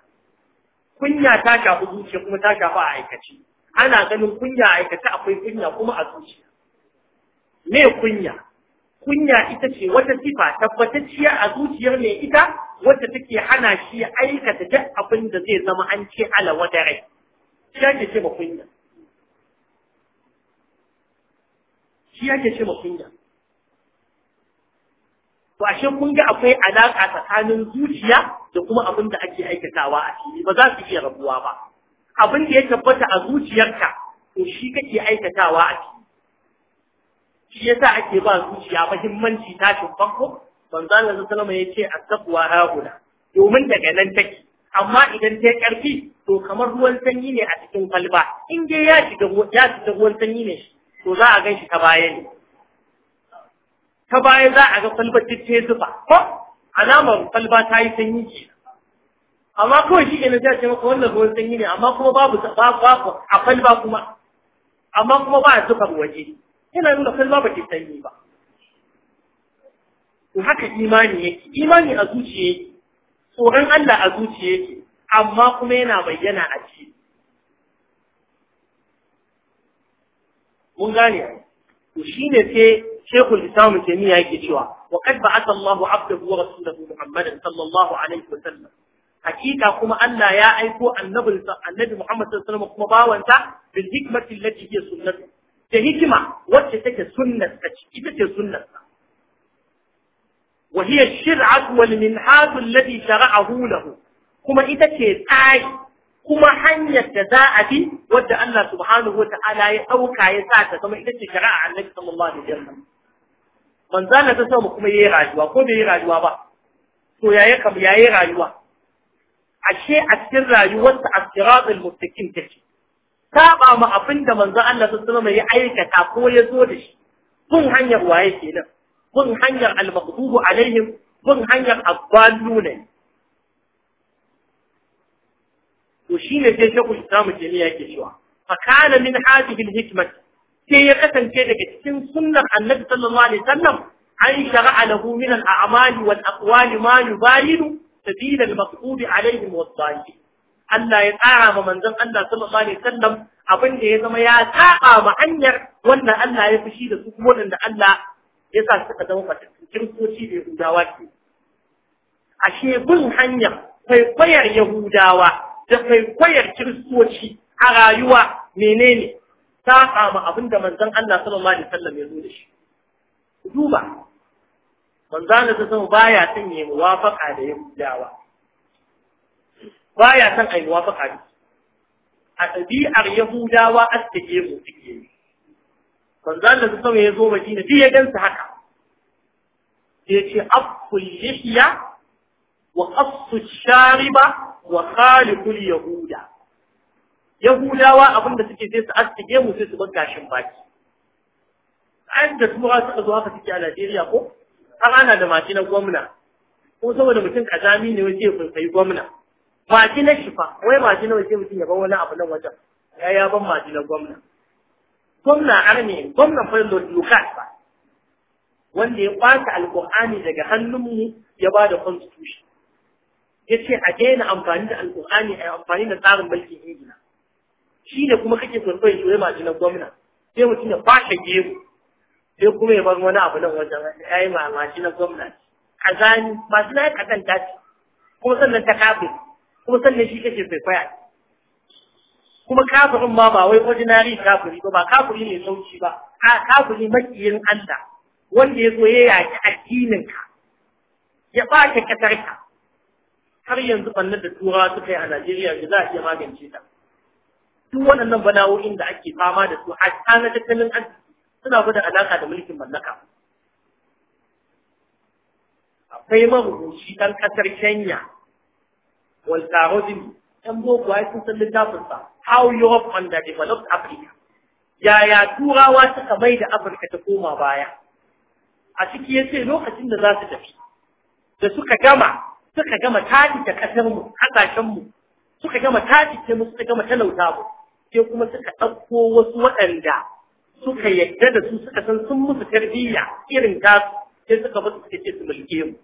kunya ta shafi zuciya kuma ta shafi a aikace ana ganin kunya a aikace akwai kunya kuma a zuciya me kunya kunya ita ce wata sifa tabbatacciya a zuciyar mai ita wacce take hana shi ya aikata duk abin da zai zama an ce ala wata rai shi ake ce ma kunya shi ake ce ma kunya to ashe kun ga akwai alaƙa tsakanin zuciya da kuma abin da ake aikatawa a fili ba za su iya rabuwa ba abin da ya tabbata a zuciyarka to shi kake aikatawa a fili shi yasa ake ba zuciya muhimmanci tashin farko manzo Allah sallallahu alaihi wasallam yace at-taqwa haula domin daga nan take amma idan ta karfi to kamar ruwan sanyi ne a cikin kwalba in dai ya shiga ya shiga ruwan sanyi ne to za a gan shi ta baya ne ta baya za a ga kwalba ta zuba ko alamar kwalba ta yi sanyi ce amma kawai shi kenan zai ce maka wannan ruwan sanyi ne amma kuma babu babu a kwalba kuma amma kuma ba a zuba waje yana nuna kai za ba ki sanyi ba to haka imani yake imani a zuciya yake tsoron Allah a zuciya yake amma kuma yana bayyana a ciki mun gane to shine sai Sheikhul Islam Taymiyyah yake cewa wa qad ba'atha Allahu 'abdahu wa rasulahu Muhammadan sallallahu alaihi wa sallam hakika kuma Allah ya aiko annabinsa annabi Muhammad sallallahu alaihi wa sallam kuma bawansa bil hikmati allati hiya sunnatuhu da hikima wacce take sunnar ta ce ita ce sunnar ta wa hiya shir'atu wal minhaj alladhi shara'ahu lahu kuma ita ce tsari kuma hanyar da za a bi wadda Allah subhanahu wa ta'ala ya dauka ya sa ta kuma ita ce shari'a Annabi sallallahu alaihi wasallam manzo Allah ta samu kuma yayi rayuwa ko bai yi rayuwa ba to yayi kam yayi rayuwa ashe a cikin rayuwarsa as-siratul mustaqim take saba ma abin da manzo Allah sallallahu alaihi wasallam aikata ko ya zo da shi bin hanyar waye kenan bin hanyar al-maghdubu alaihim bin hanyar abbaluna to shine sai shekul Islam ke ne ke cewa fa kana min hadhihi al-hikmah sai ya kasance daga cikin sunnar Annabi sallallahu alaihi wasallam an shara'a lahu min al-a'mali wal aqwali ma yubayinu sabila al-maghdubi alaihim was-salihin Allah ya tsara ma manzon Allah sallallahu alaihi wasallam abin da ya zama ya tsaba ma hanyar wanda Allah ya fushi da su kuma wanda Allah ya sa suka zama fatattun kiristoci da Yahudawa ke ashe bin kai kwaikwayar Yahudawa da kwaikwayar kiristoci a rayuwa menene saba ma abin da manzon Allah sallallahu alaihi wasallam ya zo da shi duba manzon Allah sallallahu baya son ya muwafaka da Yahudawa baya son ai muwafaqa a ɗabi'ar yahudawa astage mu suke yi manzon da sama ya zo madina ji ya gansa haka sai ce afkul lihya wa afsu shariba wa khaliqul yahuda yahudawa abinda suke sai su astige mu sai su bar gashin baki an da tura suka zo haka suke a Najeriya ko an ana da mashinan na gwamna ko saboda mutum kazami ne wace ya kwaikwayi gwamna maji na shifa wai maji na waje mutum ya bar wani abu nan wajen ya ya ban maji na gwamna gwamna arme gwamna fa lokas ba wanda ya kwace alqur'ani daga hannunmu ya ba da constitution yace a daina amfani da alqur'ani a amfani da tsarin mulkin ingila shi ne kuma kake kwaikwayo shi wai maji na gwamna sai mutum ya fashe gero sai kuma ya bar wani abu nan wajen ya yi ma maji na gwamna kazani masu na ya kazanta ce kuma sannan ta kafin kuma sannan shi kake kwaikwaya kuma kafirin ma ba wai ordinary kafiri ba ba kafiri mai sauki ba a kafiri makiyin Allah wanda ya zo ya yaki addinin ka ya ka kasar ka har yanzu bannan da turawa suka yi a Najeriya da za a iya magance ta duk waɗannan bana'oin da ake fama da su a na tattalin arziki suna gwada alaka da mulkin mallaka akwai marubuci ɗan ƙasar Kenya wal Kharozmi ɗan boko ai sun san littafin sa How Europe Underdeveloped Africa yaya turawa suka mai da Afirka ta koma baya a ciki yace lokacin da za su tafi da suka gama suka gama tashi da suka gama tashi ce suka gama talauta mu sai kuma suka ɗauko wasu waɗanda suka yadda da su suka san sun musu tarbiyya irin ta sai suka musu suka ce su mulke mu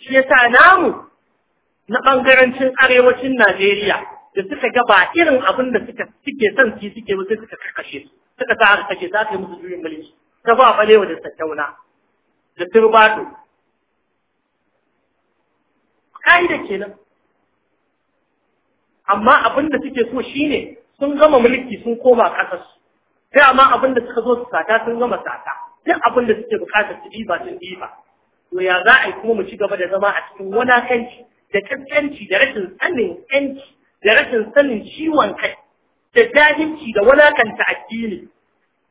shi yasa namu na ɓangarancin arewacin Najeriya da suka gaba irin abin da suka suke son su suke ba suka karkashe su suka sa aka kashe za su yi musu juyin mulki ta ba balewa da tattauna da turbado ka'ida kenan amma abin da suke so shine sun gama mulki sun koma ƙasar su amma abin da suka zo su sata sun gama sata duk abin da suke bukatar su ɗiba sun ɗiba to ya za a yi kuma mu ci gaba da zama a cikin wani kanci da kaskanci da rashin sanin yanci da rashin sanin ciwon kai da jahilci da walakanta addini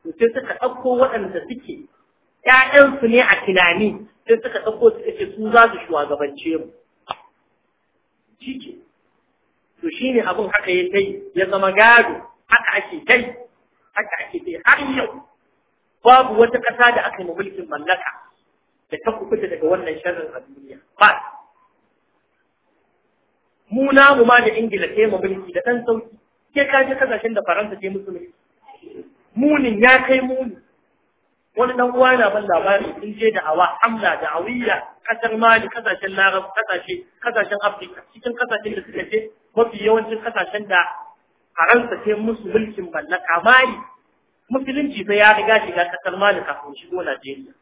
to sai suka ɗauko waɗanda suke ‘ya'yansu ne a tunani sai suka ɗauko suka ce su za su shugabance mu shi ke to shi ne abin haka ya kai ya zama gado haka ake kai haka ake kai har yau babu wata ƙasa da aka yi mulkin mallaka da ta kuɓuta daga wannan sharrin a duniya ba mu namu ma da ingila sai mu mulki da ɗan sauki ke ka je kasashen da faransa ke musu mulki munin ya kai muni wani dan uwa na ban labari sun je da awa Amna da awiya kasar mali kasashen larab kasashe kasashen afirka cikin kasashen da suka ce, mafi yawancin kasashen da faransa ke musu mulkin balla mali musulunci sai ya riga shiga kasar mali kafin shigo najeriya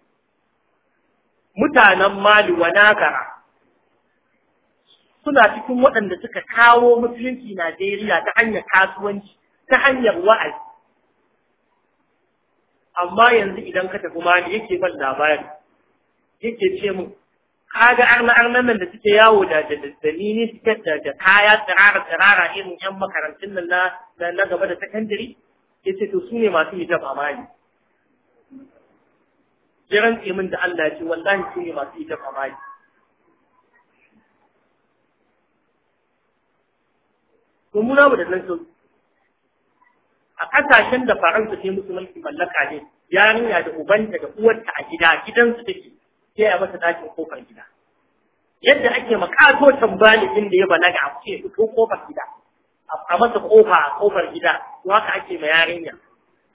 mutanen mali wa nagara suna cikin waɗanda suka kawo musulunci Najeriya ta hanyar kasuwanci ta hanyar wa'azi amma yanzu idan ka tafi mali yake ban labari yake ce mu kaga arna arnan nan da suke yawo da da dalili suke da da kaya tsirara tsirara irin yan makarantun nan na na gaba da sakandare ce to su ne masu hijab a mali jiran tsimin da Allah ya ce wallahi su ne masu hijab a mali mummuna ba da nan sauki a ƙasashen da faransa sai musu mallaka ne yarinya da ubanta da uwarta a gida gidansu take sai a mata ɗakin kofar gida yadda ake makato din da ya balaga a kuke fito kofar gida a masa kofa a kofar gida to haka ake ma yarinya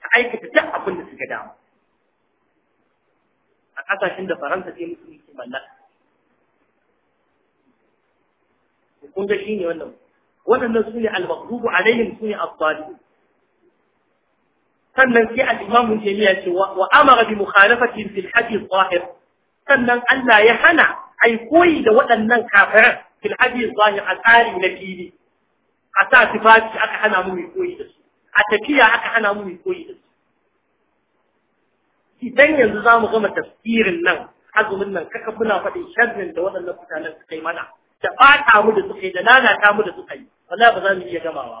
ta aikata duk abin da suka dama a ƙasashen da faransa sai musu mallaka kun ga ne wannan waɗannan su ne al-maqdubu alaihim su ne as-salihin sannan sai al-imam jami'a ce wa amara bi mukhalafati fil hadith zahir sannan Allah ya hana ai koyi da waɗannan kafiran fil hadith zahir a tsari na fili a sa sifati aka hana mu mai koyi da su a tafiya aka hana mu mai koyi da su idan yanzu za mu gama tafsirin nan azumin nan kaka muna faɗin sharrin da waɗannan mutanen suka yi mana da fata mu da suka yi da lalata mu da suka yi wallahi ba za mu iya gamawa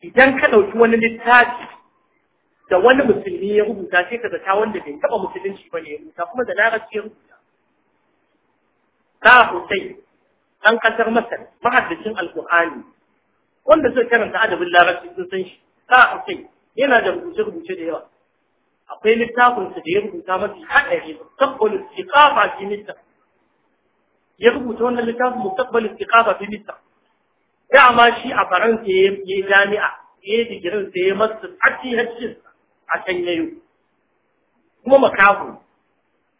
idan ka ɗauki wani littafi da wani musulmi ya rubuta sai ka zata wanda bai taɓa musulunci ba ne ya rubuta kuma da larabci ya rubuta ka hussein ɗan ƙasar masar mahaddacin alƙur'ani wanda zai karanta adabin larabci sun san shi ka hussein yana da rubuce-rubuce da yawa akwai littafinsa da ya rubuta mafi haɗari sabbin iqafa fi misr ya rubuta wannan littafin mustaqbal istiqafa fi Ya ma shi a faransa ya yi jami'a ya yi digirin sa ya masu tsaci a can yayo kuma makaho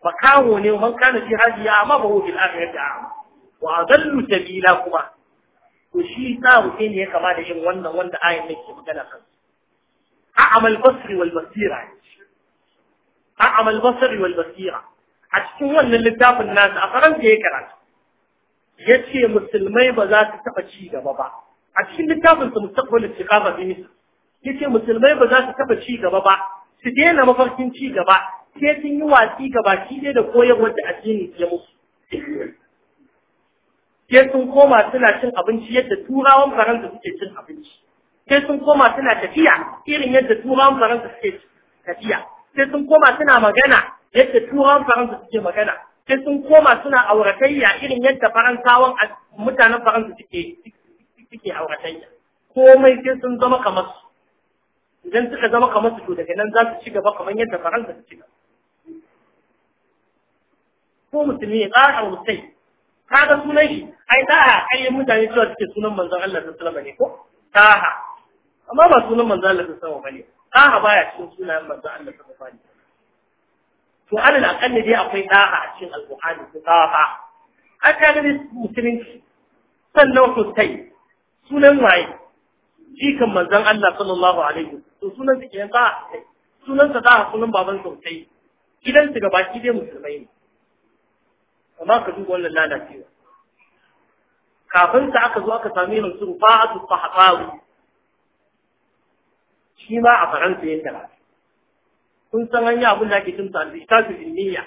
makaho ne man kana fi hadi ya amma ba hu bil akhirati a'ma wa adallu sabila kuma to shi sa ne ya kama da yin wannan wanda ayin nake magana kan a'mal basri wal basira a'mal basri wal basira a cikin wannan littafin nasa a faransa ya karatu ya ce musulmai ba za su taɓa ci gaba ba a cikin littafin su mustaqbal istiqama fi misr ya ce musulmai ba za su taɓa ci gaba ba su daina mafarkin ci gaba sai sun yi watsi gaba shi dai da koyarwar da addini ya musu sai sun koma suna cin abinci yadda turawan faransa suke cin abinci sai sun koma suna tafiya irin yadda turawan faransa suke tafiya sai sun koma suna magana yadda turawan faransa suke magana sai sun koma suna auratayya irin yadda faransawan mutanen faransa suke suke auratayya komai sai sun zama kamar su idan suka zama kamar su to daga nan za su ci gaba kamar yadda faransa su ci gaba ko musulmi ya tsara ka ga sunan shi ai taha ai mutane cewa suke sunan manzon Allah sallallahu alaihi wasallam ne ko taha amma ba sunan manzon Allah sallallahu alaihi wasallam bane taha baya cikin sunan manzon Allah sallallahu alaihi wasallam to alal ne dai akwai da'a a cikin alqur'ani ko da'a an ta ga musulunci sannan hussein sunan waye jikan manzon Allah sallallahu alaihi to sunan sa kenan ba sunan sa da'a sunan baban sosai Idan su ga baki dai musulmai ne amma ka duba wannan lalacewa kafin ka aka zo aka sami irin su rufa'atu sahabawi shi ma a faransa ya tara kun san hanyar abin da ake cin sa al-istasu niyya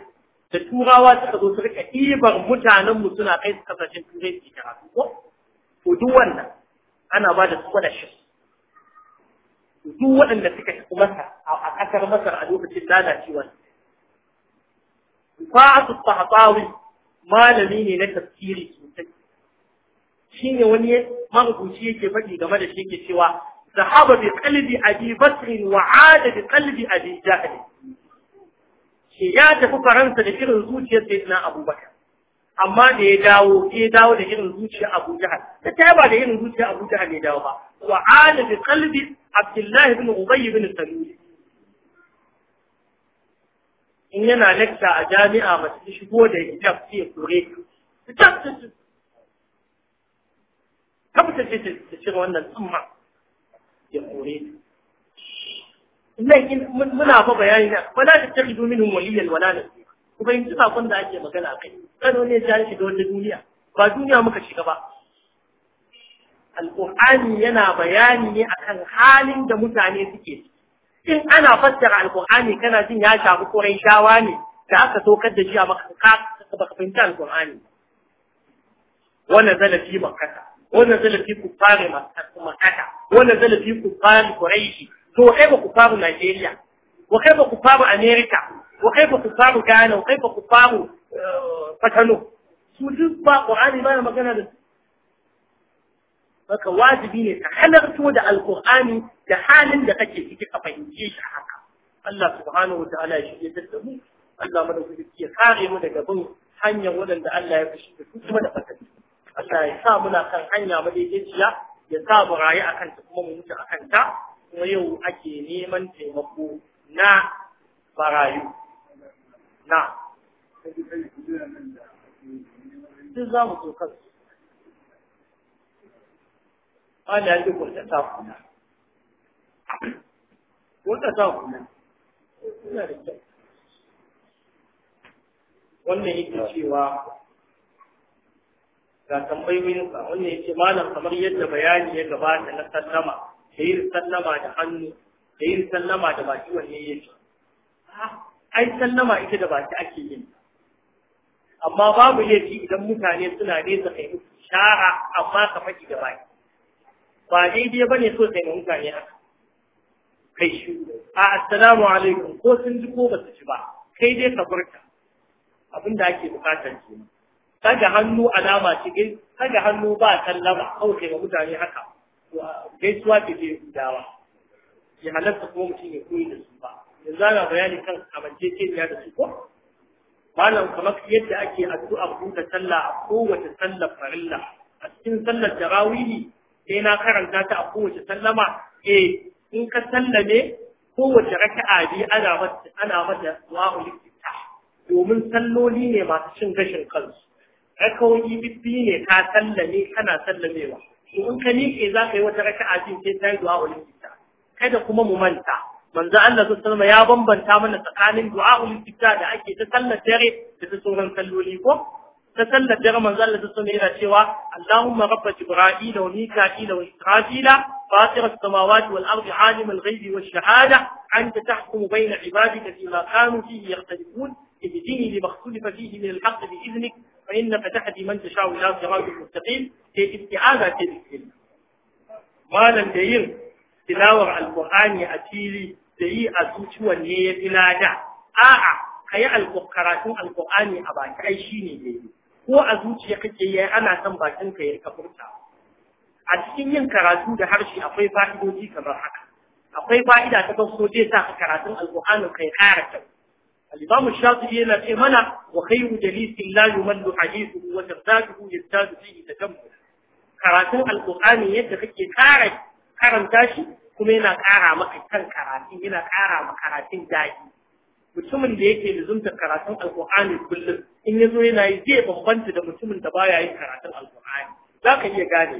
da turawa suka zo su rika ibar mutanen mu suna kai su kasashen turai su karatu ko to duk wannan ana ba da shi duk waɗanda suka tafi masa a ƙasar masar a lokacin lalacewa fa'atu sahabawi malami ne na tafsiri sosai shine wani marubuci yake faɗi game da shi yake cewa ذهب بقلب أبي بكر وعاد بقلب أبي جهل ya tafi Faransa da irin zuciyar Sayyidina Abubakar amma da ya dawo da irin zuciyar Abu Jahal ta ta ba da irin zuciyar Abu Jahal ya dawo ba wa ala bi qalbi Abdullah ibn Ubay ibn Salul in yana lakta a jami'a mace ta shigo da hijab sai ya ta ta ta ya kore nan muna fa bayani na wala ta taqidu minhum waliyan wala na ku fahimci sakon da ake magana kai kano ne ya shiga wata duniya ba duniya muka shiga ba Al-Qur'ani yana bayani ne akan halin da mutane suke in ana fassara Al-Qur'ani kana jin ya shafi korai shawa ne da aka saukar da shi a makka baka fahimci alqur'ani wannan zalafi makaka wannan zalafi ku fare Makata, wannan zalafi ku fare kuraishi to wa ba ku fare nigeria wa ba ku fare Amerika wa ba ku fare Ghana wa ba ku fare eh, Fatano su duk ba Qur'ani ba magana da su haka wajibi ne ka halarto da alkur'ani da halin da kake ciki ka fahimce shi haka Allah subhanahu wa ta'ala ya shirye da mu Allah madaukaki ya kare mu daga bin hanyar waɗanda Allah ya fushi da su kuma da fatali Allah ya sa muna kan hanya madaidaiciya ya sa mu rayu akan ta kuma mu mutu akan ta kuma yau ake neman taimako na barayu na duk za mu zo kansu ana yi kurtata kuna kurtata kuna suna da kyau wannan yake cewa ga tambayoyinsa wannan ce malam kamar yadda bayani ya gabata na sallama yin sallama da hannu yin sallama da baki wanne yake ah, ai sallama ita da baki ake yin amma babu laifi idan mutane suna nesa kai musu shara amma ka faɗi da baki ba daidai bane so sai mu mutane haka kai shi a ah, assalamu alaikum ko sun ji ko ba su ji ba kai dai ka furta abinda ake bukatar kenan kaga hannu alama ce kaga hannu ba sallama kauce ga mutane haka gaisuwa ce ke dawa ya halatta kuma mutum ya koyi da su ba yanzu ana bayani kan ya da su ko malam kamar yadda ake addu'a ta sallah a kowace sallar farilla a cikin sallar tarawihi sai na karanta ta a kowace sallama eh in ka sallame kowace raka'a biyu ana mata ana mata wa'ul domin salloli ne masu cin gashin kansu rakawoyi bibbi ne ka sallame kana sallamewa in ka miƙe za ka yi wata raka'a jin sai ta yi du'a wa likita kada kuma mu manta manzo Allah sallallahu ya bambanta mana tsakanin du'a wa likita da ake ta sallar dare da ta sauran salloli ko ta sallar dare manzo Allah sallallahu yana cewa Allahumma Rabba jibril wa mika'il wa israfil فاطر السماوات والأرض عالم الغيب والشهادة أنت تحكم بين عبادك فيما كانوا فيه يختلفون اهدني لما اختلف فيه من الحق بإذنك فإنك تهدي من تشاء إلى صراط مستقيم في استعاذة بالكلمة ما لم يين تلاوة القرآن أتيلي تي أزوج ونية إلاجا آآ كي القرآن القرآن أباك أي شيء نيجي ko a zuciya kake yi ana son bakin ka ya kafurta a cikin yin karatu da harshe akwai fa'idoji kamar haka akwai fa'ida ta so zai sa karatun ka kai ƙara kyau الإمام الشاطبي يلا في منع وخير جليس لا يمل حديثه وترتاده يزداد فيه تجمل karatun alƙur'ani yadda kake ƙara karanta shi kuma yana ƙara maka kan karatun yana karatun daɗi mutumin da yake lizumta karatun alƙur'ani kullum in ya zo yana yi zai bambanta da mutumin da baya yin karatun alƙur'ani za ka iya gane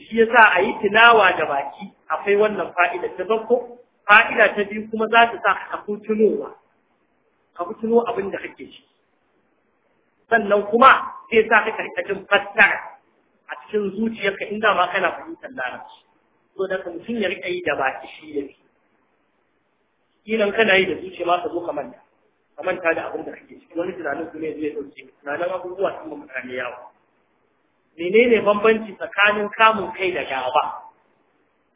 shi yasa a yi tilawa da baki akwai wannan fa'ida ta farko fa'ida ta biyu kuma za ta sa ka fitunowa ka fituno abin da kake shi sannan kuma zai sa ka karka fassara a cikin zuciyarka inda ma kana fahimtar larabci so da mutum ya rika yi da baki shi da fi ilan kana yi da zuciya ma ka zo ka manta ka manta da abin da kake ciki wani tunanin su ne zai ya dauke tunanin abubuwa sun mutane yawa menene bambanci tsakanin kamun kai da gaba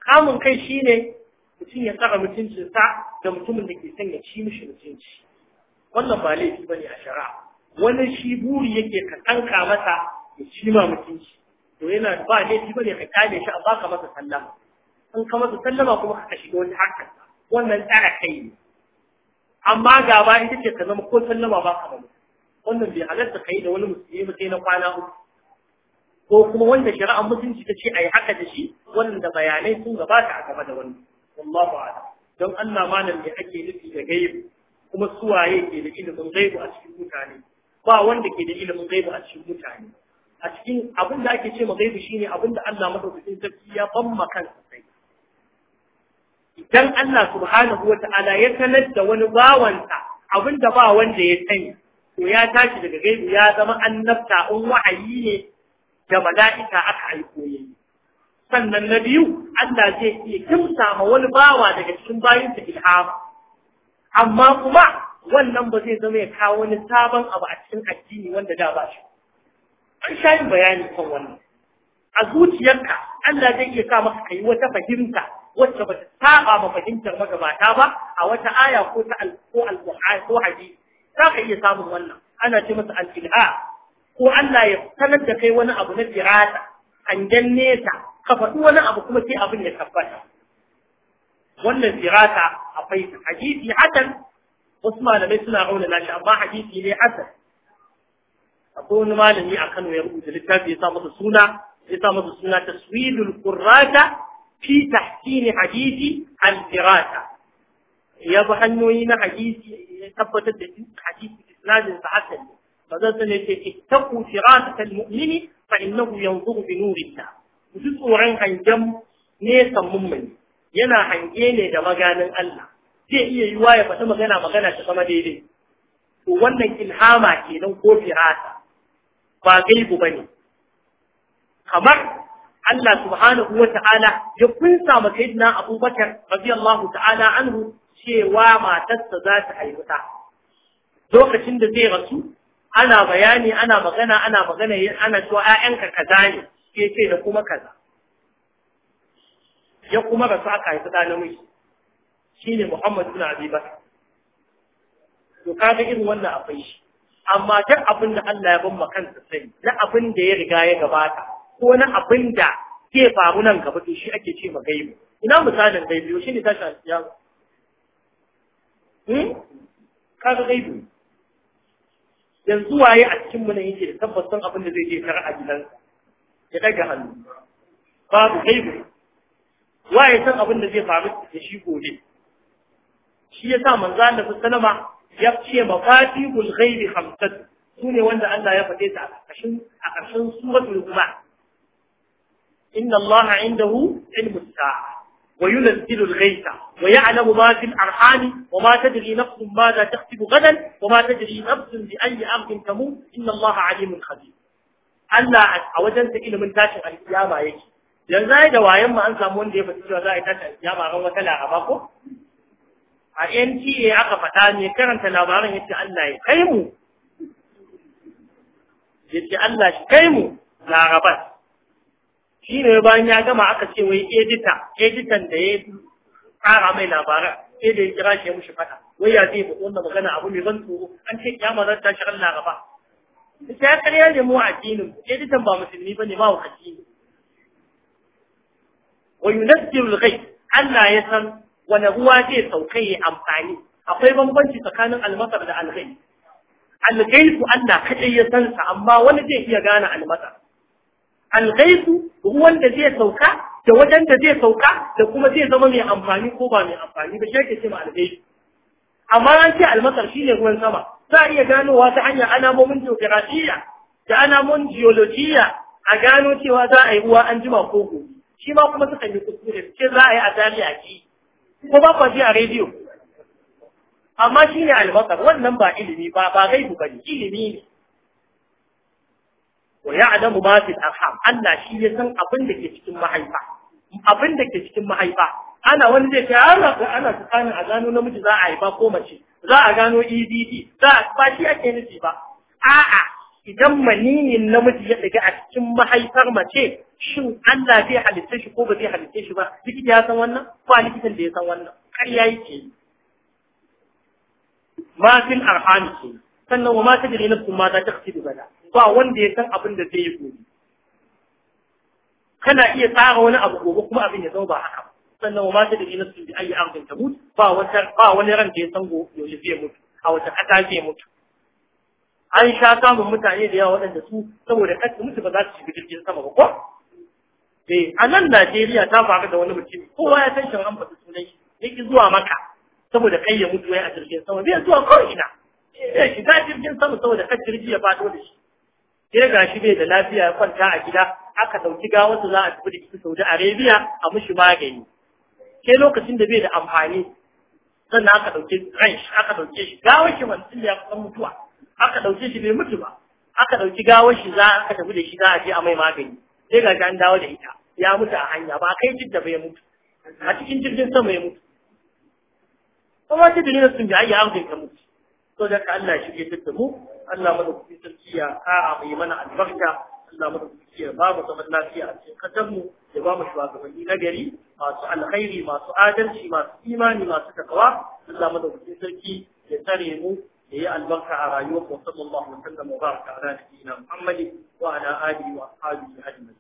kamun kai shine mutum ya tsara mutuncinsa da mutumin da ke son ya ci mishi mutunci wannan ba laifi ba ne a shara. wani shi buri yake ka tsanka masa ya ci ma mutunci to yana ba laifi ba ne ka kyale shi amma ka masa sallama in ka masa sallama kuma ka shiga wani harkar wannan tsara kai ne amma gaba ita ce ka zama ko sallama ba ka bamu. wannan bai halarta kai da wani musulmi ba sai na kwana uku ko kuma wanda shari'ar mutunci ta ce a yi haka da shi wanda bayanai sun gabata a gaba da wannan wallahu a'lam don Allah malam me ake nufi da gaibu kuma suwaye ke da ilimin gaibu a cikin mutane ba wanda ke da ilimin gaibu a cikin mutane a cikin abin da ake ce ma gaibu shine abin da Allah madaukakin sarki ya ma kansa sai idan Allah subhanahu Ta'ala ya sanar da wani bawansa abin da ba wanda ya sani to ya tashi daga gaibu ya zama annabta in wa'ayi ne da mala'ika aka aiko yayi sannan na biyu Allah zai iya kimsa ma wani bawa daga cikin bayinsa ilhama amma kuma wannan ba zai zama ya kawo wani sabon abu a cikin addini wanda da ba shi an sha yin bayani kan wannan a zuciyarka Allah zai iya sa maka kai wata fahimta wacce ba ta saba ma fahimtar magabata ba a wata aya ko ta ko alqur'ani ko hadisi za ka iya samun wannan ana ce masa al ko Allah ya sanar da kai wani abu na firata hangen nesa ka faɗi wani abu kuma sai abin ya tabbata wannan sirata akwai hadisi hasan wasu malamai suna auna nashi amma hadisi ne hasan akwai wani malami a Kano ya rubuta littafi ya sa masa suna ya sa masa suna taswidul qurrata fi tahsin hadisi al sirata ya bi hanyoyi na hadisi ya tabbatar da hadisi isnadin sa hasan ne fa zan ce ittaqu sirata al mu'mini fa innahu yanzuru bi nurillah ku ji tsoron hangen nesan mummuni yana hange ne da maganin Allah zai iya yiwa ya faɗi magana magana ta zama daidai to wannan ilhama kenan ko firata ba gaibu bane kamar Allah subhanahu wa ta'ala ya kunsa ma sayyidina Abubakar radiyallahu ta'ala anhu cewa matarsa za ta ta. lokacin da zai rasu ana bayani ana magana ana magana ana cewa ƴaƴanka kaza ne ke ce da kuma kaza ya kuma rasu aka haifi ɗa namiji shi ne Muhammad na Abi Bakr to kaga irin wannan abin shi amma duk abin da Allah ya ban kansa sani na abin da ya riga ya gabata ko na abin da ke faru nan gaba to shi ake ce ma gaibi ina misalin gaibi shi ne tashi ya hmm kaga gaibi yanzu waye a cikin mu ne yake da tabbacin abin da zai je tare a gidansa ya daga hannu babu gaibu waye san abin da zai faru da shi gobe shi yasa manzo Allah sallama ya ce mafatihul ghaibi khamsatu sune wanda Allah ya faɗe ta a ƙarshen a ƙarshen suratul qumar inna Allah indahu ilmus sa'a وينزل الغيث ويعلم ما في الأرحام وما تدري نفس ماذا تكسب غدا وما تدري نفس بأي أرض تموت إن الله عليم خبير Allah a wajen ta ilimin tashin alkiyama yake yanzu ai da wayan mu an samu wanda ya fata cewa za a yi tashin alkiyama ran wata laraba ko a NTA aka faɗa ne karanta labarin yace Allah ya kai mu yace Allah ya kai mu laraba shi ne bayan ya gama aka ce wai edita editan da ya tsara mai labaran sai da ya kira shi ya mushi faɗa wai ya zai ba wannan magana abu mai ban tsoro an ce kiyama zan tashi ran laraba ta ƙarya ne mu addinin editan ba musulmi ba ne ba wa addini wa al-ghayb Allah ya san wani ruwa zai sauka ya amfani akwai bambanci tsakanin almasar da al-ghayb al-ghayb Allah kadai ya san sa amma wani zai iya gane almasar al-ghayb ruwan da zai sauka da wajen zai sauka da kuma zai zama mai amfani ko ba mai amfani ba shi ake cewa al-ghayb amma an ce almasar shine ruwan sama za a iya ganowa ta hanyar alamomin geografiya da alamomin geologiya a gano cewa za a yi ruwa an jima ko shi ma kuma suka yi kuskure ce za a yi a zali a ki ko ba kwaji a rediyo amma shi ne almasar wannan ba ilimi ba ba gaibu ba ne ilimi ne wa Adamu, ma fil Alham, Allah shi ya san abin da ke cikin mahaifa abin da ke cikin mahaifa ana wani zai ce ana ko ana tsakanin a gano namiji za a haifa ko mace za a gano EDD za a ba shi ake nufi ba a'a idan maniyin namiji ya daga a cikin mahaifar mace shin Allah zai halitta shi ko ba zai halitta shi ba likita ya san wannan ba likitan da ya san wannan ƙarya yake ma Mafin arham ke sannan wa ma tadri nafsun kuma za ta kasibu da, ba wanda ya san abin da zai yi gobe kana iya tsara wani abu gobe kuma abin ya zama ba haka sannan ma da dalilin sun bi ayi an ganta mutu ba wata ba wani ran da ya san go yaushe ya mutu a wata kasa zai mutu an sha samun mutane da yawa waɗanda su saboda kasu mutu ba za su shiga jirgin sama ba ko eh a nan Najeriya ta faru da wani mutum kowa ya san shan ba su sunan shi yake zuwa maka saboda kai ya mutu a jirgin sama bai zuwa ko ina eh ta jirgin sama saboda kan jirgi ya faɗo da shi sai ga shi bai da lafiya ya kwanta a gida aka ɗauki gawarsa za a tafi da ita Saudi Arabia a mushi magani Ke lokacin da bai da amfani sannan aka ɗauke ran shi aka ɗauke shi gawar shi man ya kusan mutuwa aka ɗauke shi bai mutu ba aka ɗauki gawar shi za aka tafi da shi za a je a mai magani sai ga an dawo da ita ya mutu a hanya ba kai jidda bai mutu a cikin jirgin sama ya mutu kuma ta dalilin sun bi ayya aure ka mutu so da ka Allah shi ke tattamu Allah mana kuɗi sarki ka a mai mana albarka Allah mu ya ba mu zaman lafiya a cikin kasar mu ya ba mu shugabanni na gari masu alkhairi masu adalci masu imani masu takawa Allah mu sarki ya tare mu ya yi albarka a rayuwar mu sallallahu alaihi wa sallam wa baraka ala Muhammad wa ala alihi wa ashabihi ajma'in